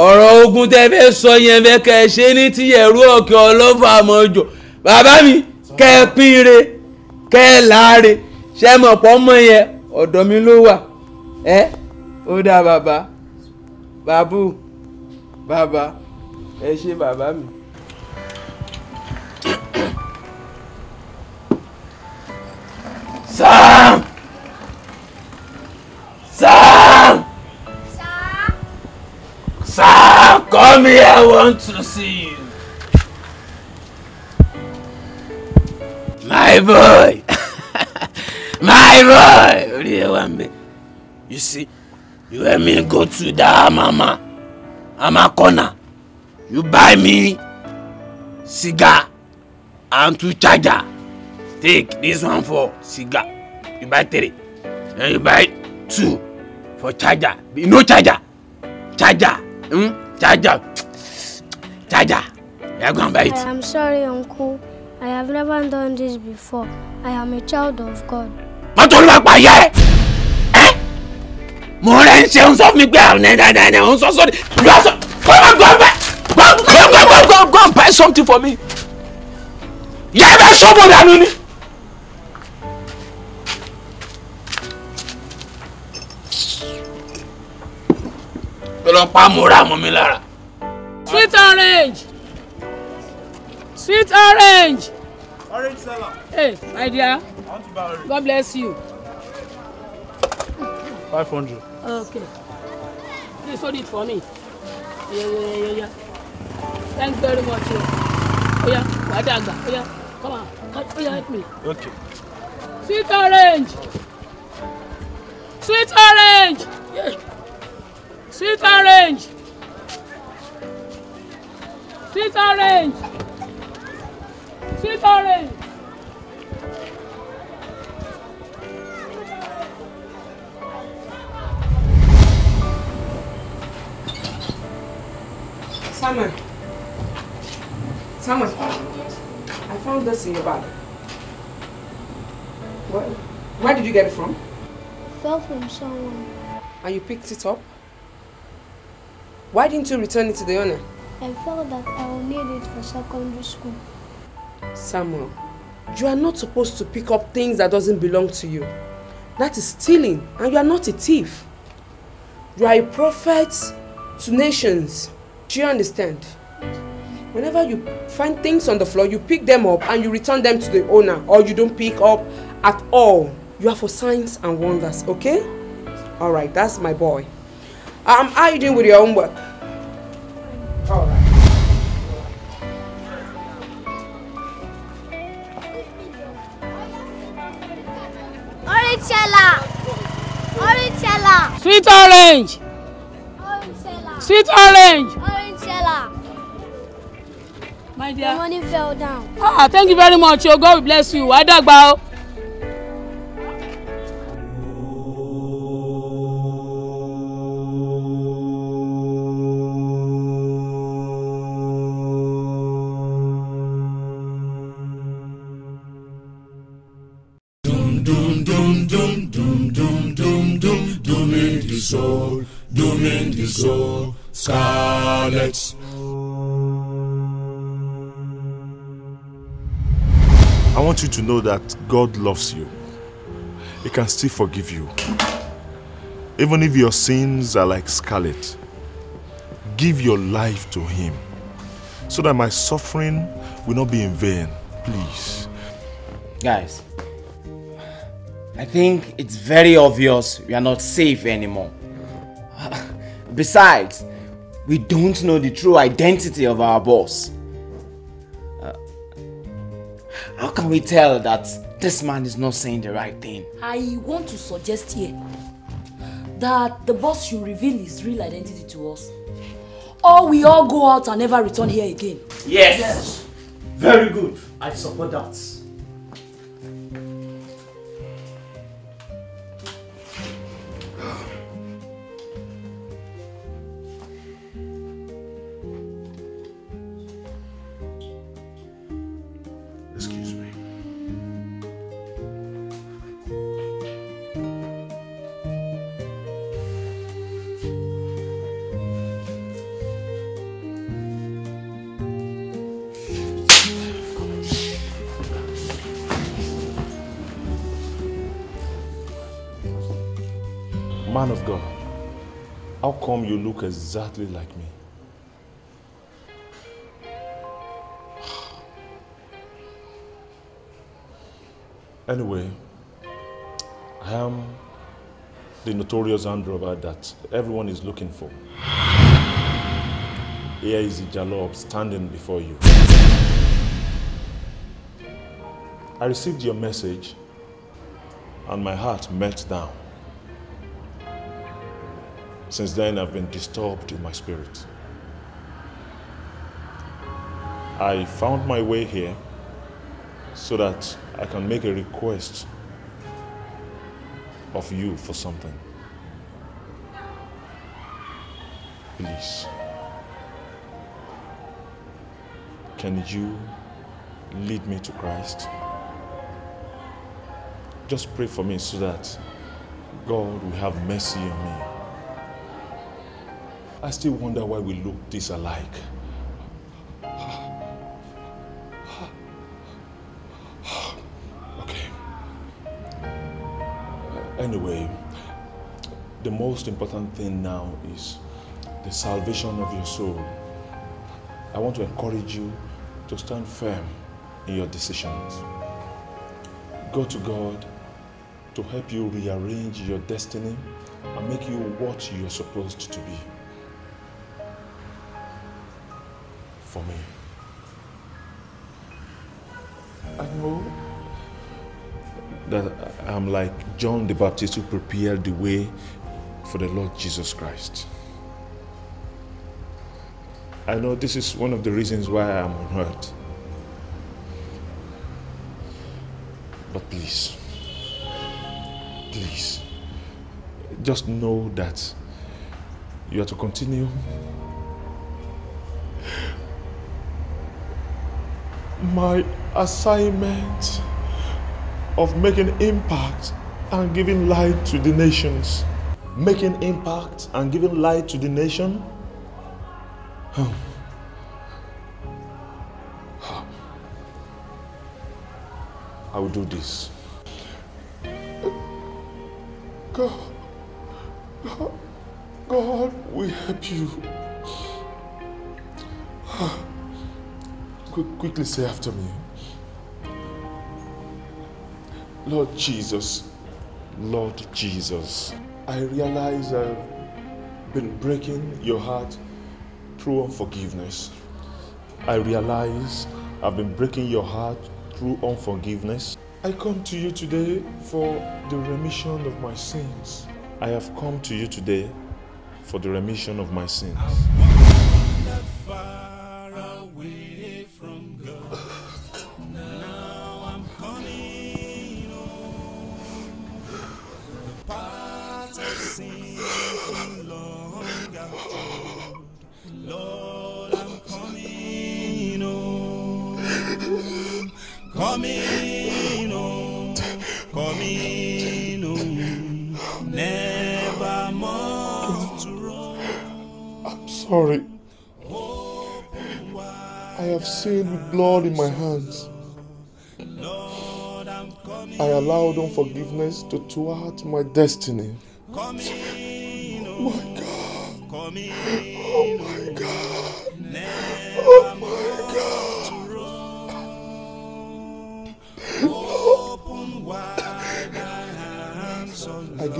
ọ̀rọ̀ ogun tẹ́ fẹ́ sọ yẹn fẹ́ kẹ́ ẹ ṣe ní ti ẹ̀rú ọ̀kẹ́ ọlọ́fà àmọ́jọ bàbá mi kẹ́ ẹ pínre kẹ́ ẹ láre ṣe mọ̀ pọ́ mọ́ yẹn ọ̀dọ̀ mi ló wà ẹ́ ó dá bàbá bàbú bàbá ẹ ṣe bàbá mi. Sam! Sam! Sir, come here, I want to see you. My boy! My boy! you see, you let me go to that mama, I'm a corner. You buy me cigar and two charger. Take this one for cigar. You buy three. And you buy two for charger. No charger. Charger. Jaja. Jaja. You're going to bite. I am sorry, Uncle. I have never done this before. I am a child of God. Má tó lọ pa yẹ! Mo rẹ̀ ń ṣe ń sọ fún mi pé àwọn ẹ̀dá ẹ̀dá ẹ̀dá ń sọ sọ́ni. go on, go go go go go buy something for me. Yẹ ẹ bẹ sọ́bù dànù ni. ẹran pamọ́ra mọ́ mi lára. sweet orange sweet orange. orange seller. hey my dear god bless you. five hundred. okay please hold it for me. Yeah, yeah, yeah, yeah. thanks very much. oya oh, wàá dàgbà oya oh, come on oya oh, help me. okay. sweet orange sweet orange. Yeah. Sweet orange. Sweet orange. Sweet orange. Samuel. Samuel. I found this in your bag. What? Where did you get it from? It fell from someone. And you picked it up? Why didn't you return it to the owner? I felt that I will need it for secondary school. Samuel, you are not supposed to pick up things that doesn't belong to you. That is stealing and you are not a thief. You are a prophet to nations. Do you understand? Whenever you find things on the floor, you pick them up and you return them to the owner or you don't pick up at all. You are for signs and wonders, okay? Alright, that's my boy. Um, how are you doing with your homework. work? All Sweet orange. Orange Sweet orange. Orange seller. My dear. The money fell down. Ah, thank you very much. Oh, God will bless you. I dàgbà bow. Soul, Domingue the Soul, Scarlet. I want you to know that God loves you. He can still forgive you. Even if your sins are like scarlet, give your life to Him so that my suffering will not be in vain. Please. Guys, I think it's very obvious we are not safe anymore. Besides, we don't know the true identity of our boss. Uh, how can we tell that this man is not saying the right thing? I want to suggest here that the boss should reveal his real identity to us. Or we all go out and never return here again. Yes! yes. Very good. I support that. Mom, you look exactly like me. Anyway, I am the notorious hand robber that everyone is looking for. Here is Ijalob standing before you. I received your message and my heart melted down. Since then, I've been disturbed in my spirit. I found my way here so that I can make a request of you for something. Please, can you lead me to Christ? Just pray for me so that God will have mercy on me. I still wonder why we look alike. Okay. Uh, anyway, the most important thing now is the salvation of your soul. I want to encourage you to stand firm in your decisions. Go to God to help you rearrange your destiny and make you what you're supposed to be. for me. I know that I'm like John the Baptist who prepared the way for the Lord Jesus Christ. I know this is one of the reasons why I'm on earth. But please, please, just know that you are to continue my assignment of making impact and giving light to the nations. Making impact and giving light to the nation. I will do this. God, God, God will help you. Qu quickly say after me. Lord Jesus, Lord Jesus, I realize I've been breaking your heart through unforgiveness. I realize I've been breaking your heart through unforgiveness. I come to you today for the remission of my sins. I have come to you today for the remission of my sins. coming home. never more to roam. I'm sorry. I have sinned with blood in my hands. I allowed unforgiveness to thwart my destiny. Oh my God. Oh my God. Oh my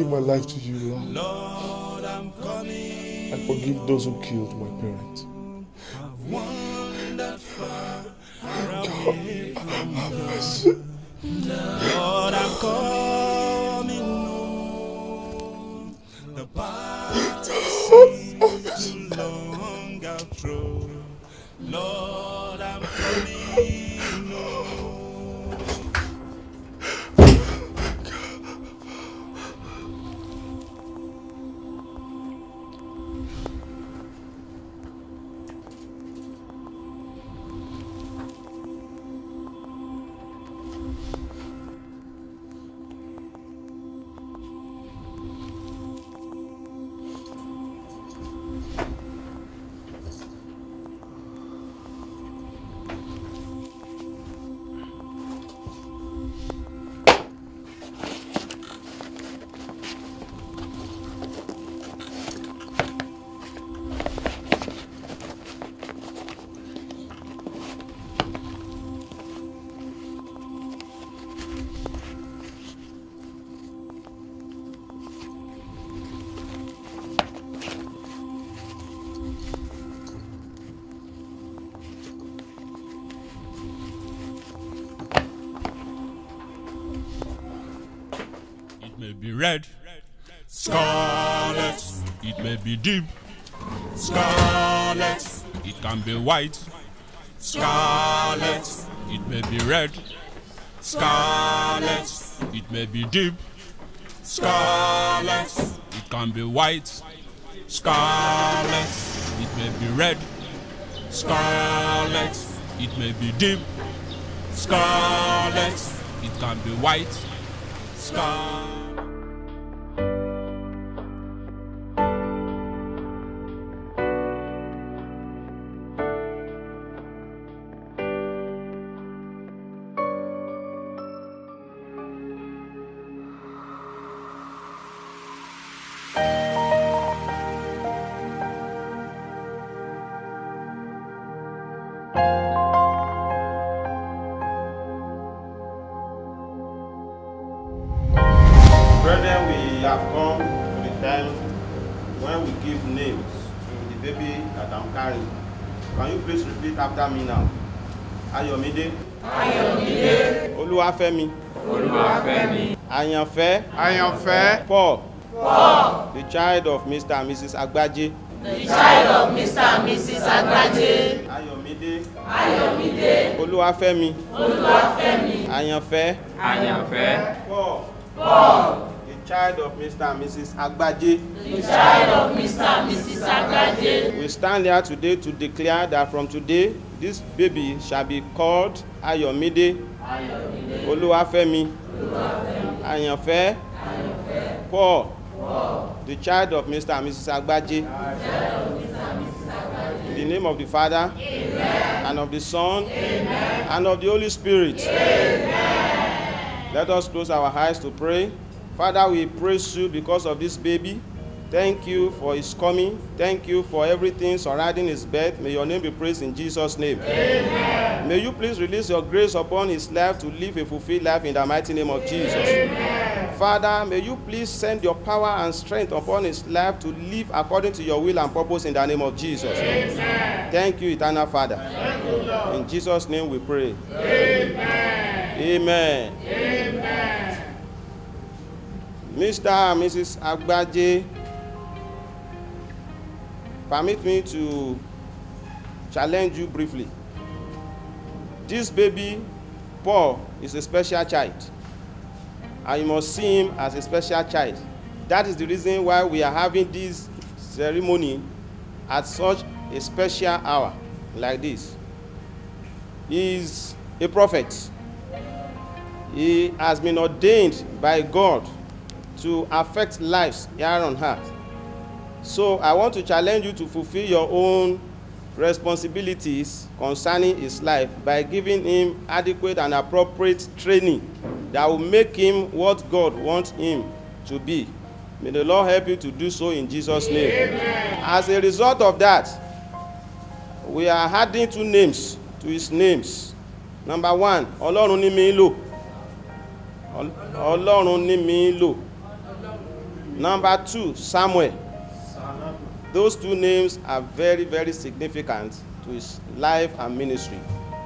give my life to you, Lord. Lord I forgive those who killed my parents. deep. Scarlet. It can be white. Scarlet. It may be red. Scarlet. It may be deep. Scarlet. It can be white. Scarlet. It may be red. Scarlet. It may be deep. Scarlet. It can be white. Scarlet. ayọ̀mídé ayọ̀mídé olúwafẹ́mi olúwafẹ́mi àyànfẹ́ àyànfẹ́ paul paul the child of mr and mrs agbaje the child of mr and mrs agbaje ayọ̀mídé ayọ̀mídé olúwafẹ́mi olúwafẹ́mi àyànfẹ́ àyànfẹ́ paul paul child of Mr. and Mrs. Agbaje. The child of Mr. and Mrs. Agbaje. We stand here today to declare that from today, This baby shall be called Ayomide, Oluwafemi, Oluwafemi. Ayanfe, Paul, the child of Mr. and Mrs. Agbaje. In the name of the Father, Amen. and of the Son, Amen. and of the Holy Spirit. Amen. Let us close our eyes to pray. Father, we praise you because of this baby. Thank you for his coming. Thank you for everything surrounding his birth. May your name be praised in Jesus' name. Amen. May you please release your grace upon his life to live a fulfilled life in the mighty name of Jesus. Amen. Father, may you please send your power and strength upon his life to live according to your will and purpose in the name of Jesus. Amen. Thank you, eternal Father. in Jesus' name we pray. Amen. Amen. Amen. Mr. and Mrs. Agbaje. permit me to challenge you briefly. This baby, Paul, is a special child. And you must see him as a special child. That is the reason why we are having this ceremony at such a special hour like this. He is a prophet. He has been ordained by God to affect lives here on earth So I want to challenge you to fulfill your own responsibilities concerning his life by giving him adequate and appropriate training that will make him what God wants him to be. May the Lord help you to do so in Jesus' name. Amen. As a result of that, we are adding two names to his names. Number one, Ọlọ́run ní mi lò. Number two, Samuel. Those two names are very, very significant to his life and ministry.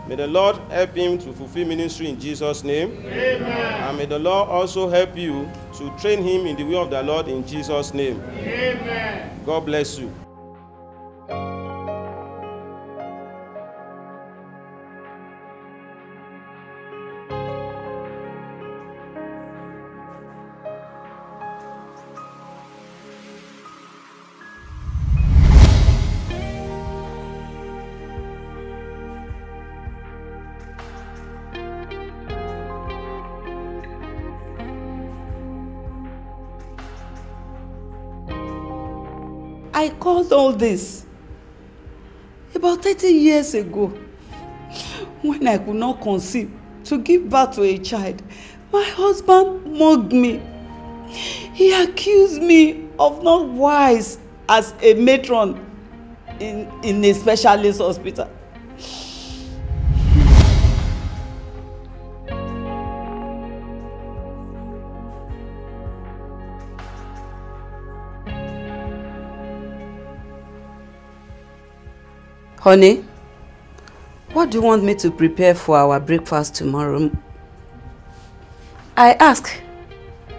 May the Lord help him to fulfill ministry in Jesus' name. Amen. And may the Lord also help you to train him in the way of the Lord in Jesus' name. Amen. God bless you. I caused all this about 30 years ago when I could not conceive to give birth to a child. My husband mugged me. He accused me of not wise as a matron in, in a specialist hospital. Honey, what do you want me to prepare for our breakfast tomorrow? I ask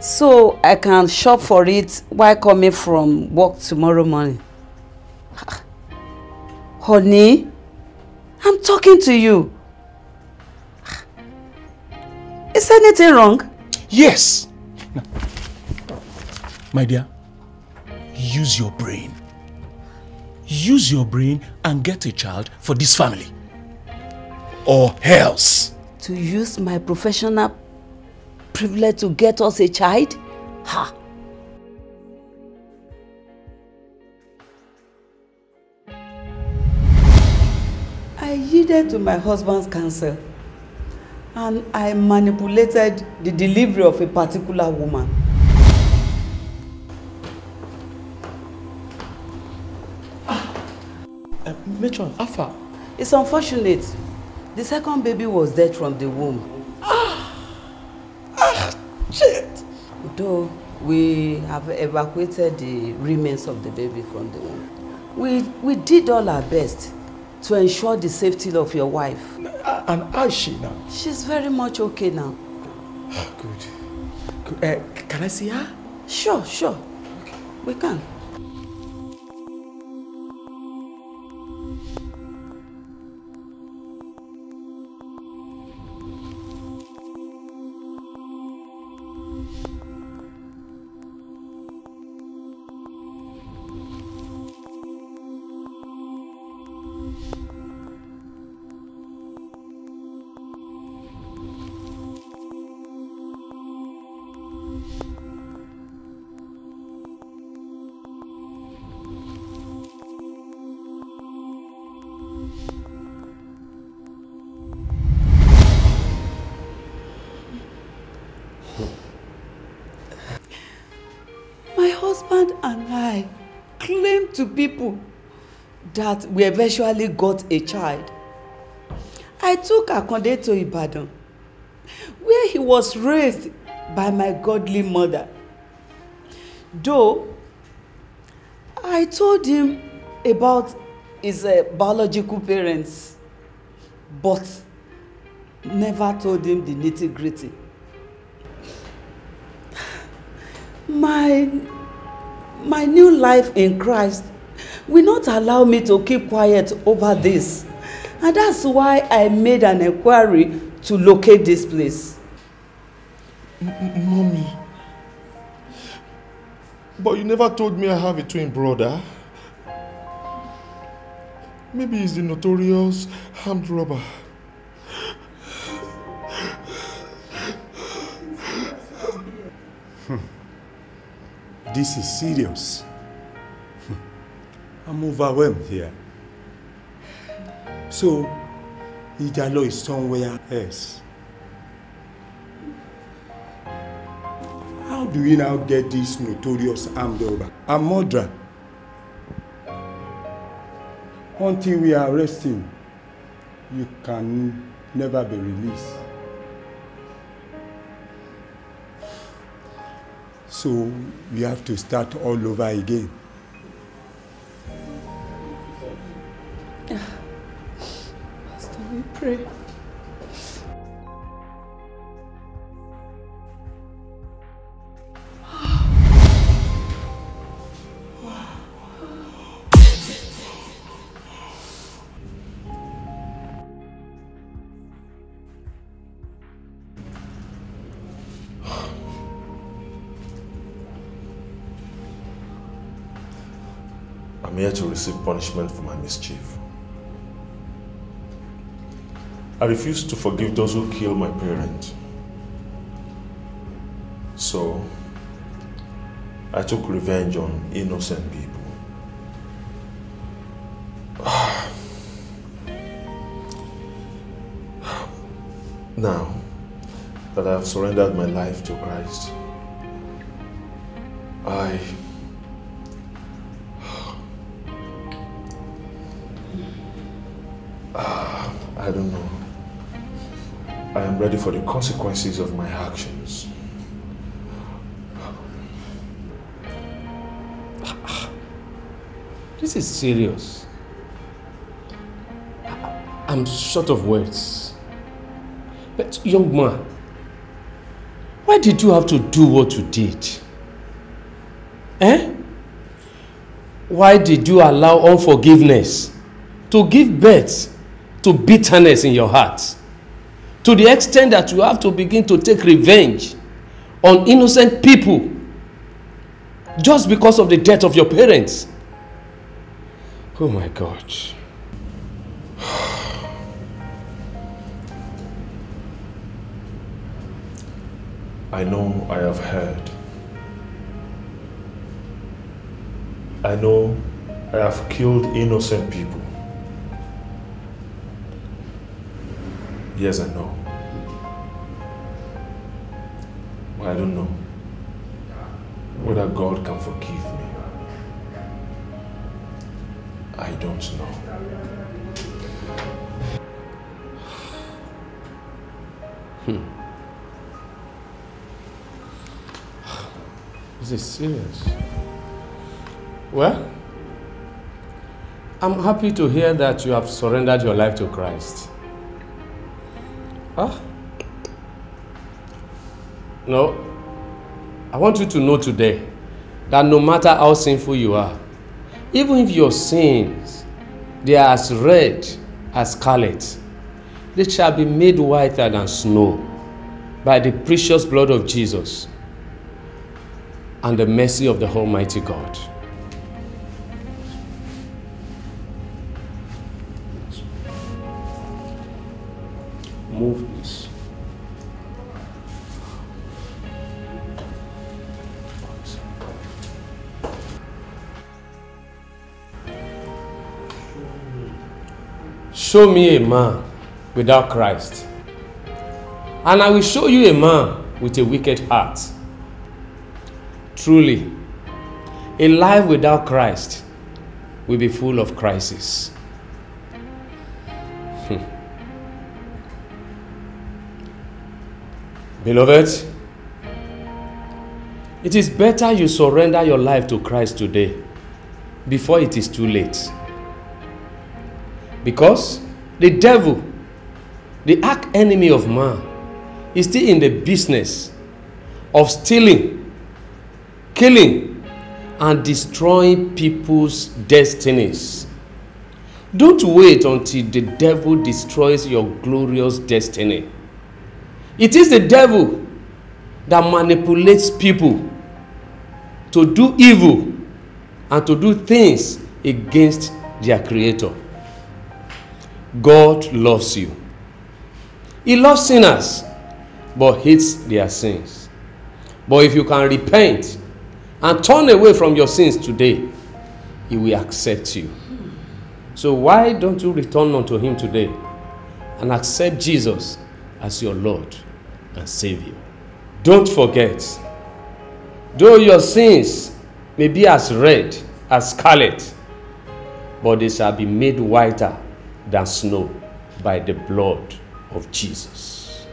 so I can shop for it while coming from work tomorrow morning. Honey, I'm talking to you. Is anything wrong? Yes. No. My dear, use your brain. use your brain and get a child for this family. Or else. To use my professional privilege to get us a child? Ha! I yielded to my husband's counsel and I manipulated the delivery of a particular woman. Matron, Alpha. It's unfortunate. The second baby was dead from the womb. Ah! Ah! Shit! Though we have evacuated the remains of the baby from the womb. We, we did all our best to ensure the safety of your wife. And how is she now? She's very much okay now. Ah, good. Good. Uh, can I see her? Sure, sure. Okay. We can. I claimed to people that we eventually got a child. I took Akande to Ibadan, where he was raised by my godly mother. Though I told him about his uh, biological parents, but never told him the nitty-gritty. My my new life in Christ will not allow me to keep quiet over this. And that's why I made an inquiry to locate this place. M Mommy. But you never told me I have a twin brother. Maybe he's the notorious armed robber. This is serious. I'm overwhelmed here. So, Ijalo is somewhere else. How do we now get this notorious armed robber and murderer? Until we arrest him, you can never be released. So we have to start all over again. Pastor, we pray. here to receive punishment for my mischief. I refuse to forgive those who killed my parents. So, I took revenge on innocent people. now that I have surrendered my life to Christ, I I don't know. I am ready for the consequences of my actions. This is serious. I'm short of words. But young man, why did you have to do what you did? Eh? Why did you allow unforgiveness to give birth to bitterness in your heart to the extent that you have to begin to take revenge on innocent people just because of the death of your parents. Oh my God. I know I have heard. I know I have killed innocent people. Yes I know. But I don't know whether God can forgive me. I don't know. Hmm. Is it serious? Well, I'm happy to hear that you have surrendered your life to Christ. Huh? No. I want you to know today that no matter how sinful you are, even if your sins they are as red as scarlet, they shall be made whiter than snow by the precious blood of Jesus and the mercy of the Almighty God. show me a man without Christ, and I will show you a man with a wicked heart. Truly, a life without Christ will be full of crisis. Hmm. Beloved, it is better you surrender your life to Christ today before it is too late. Because The devil, the arch enemy of man, is still in the business of stealing, killing, and destroying people's destinies. Don't wait until the devil destroys your glorious destiny. It is the devil that manipulates people to do evil and to do things against their creator. God loves you. He loves sinners, but hates their sins. But if you can repent and turn away from your sins today, He will accept you. So why don't you return unto Him today and accept Jesus as your Lord and Savior? Don't forget, though your sins may be as red as scarlet, but they shall be made whiter than snow by the blood of Jesus.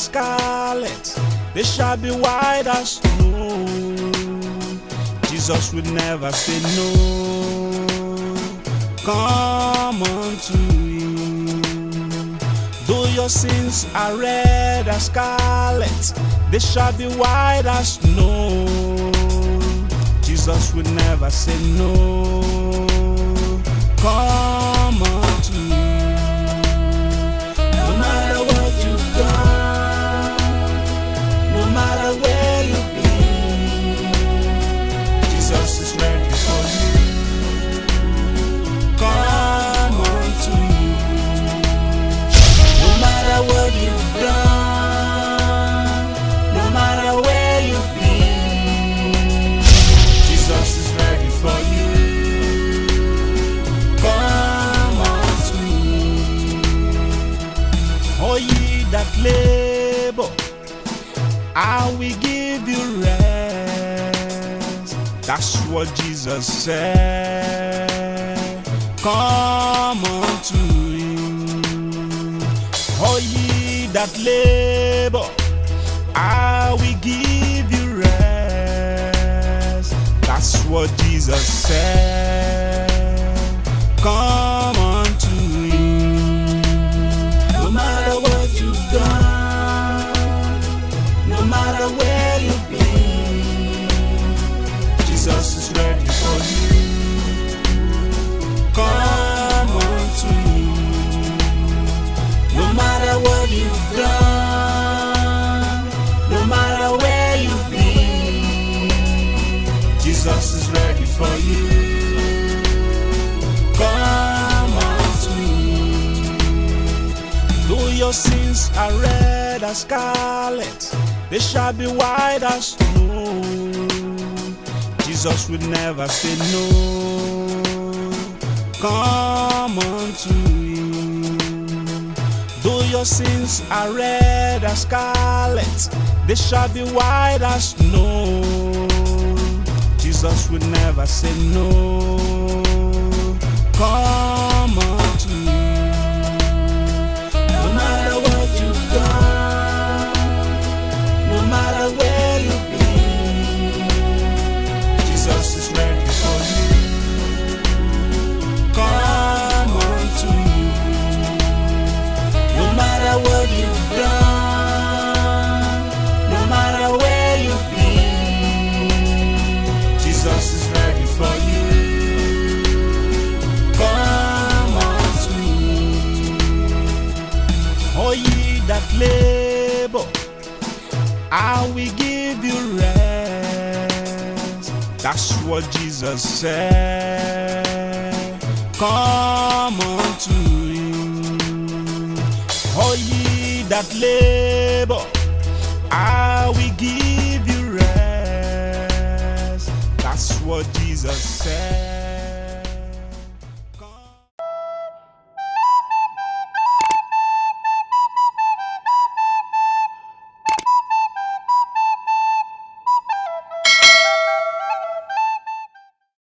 scarlet, they shall be white as snow. Jesus will never say no. Come unto him. Though your sins are red as scarlet, they shall be white as snow. Jesus will never say no. Come what Jesus said. Come unto him. O ye that labor, I will give you rest. That's what Jesus said. Come Your sins are red as scarlet, they shall be white as snow. Jesus will never say no. Come unto him. Though your sins are red as scarlet, they shall be white as snow. Jesus will never say no. Come labor, I will give you rest. That's what Jesus said. Come unto Him, all ye that labor, I will give you rest. That's what Jesus said.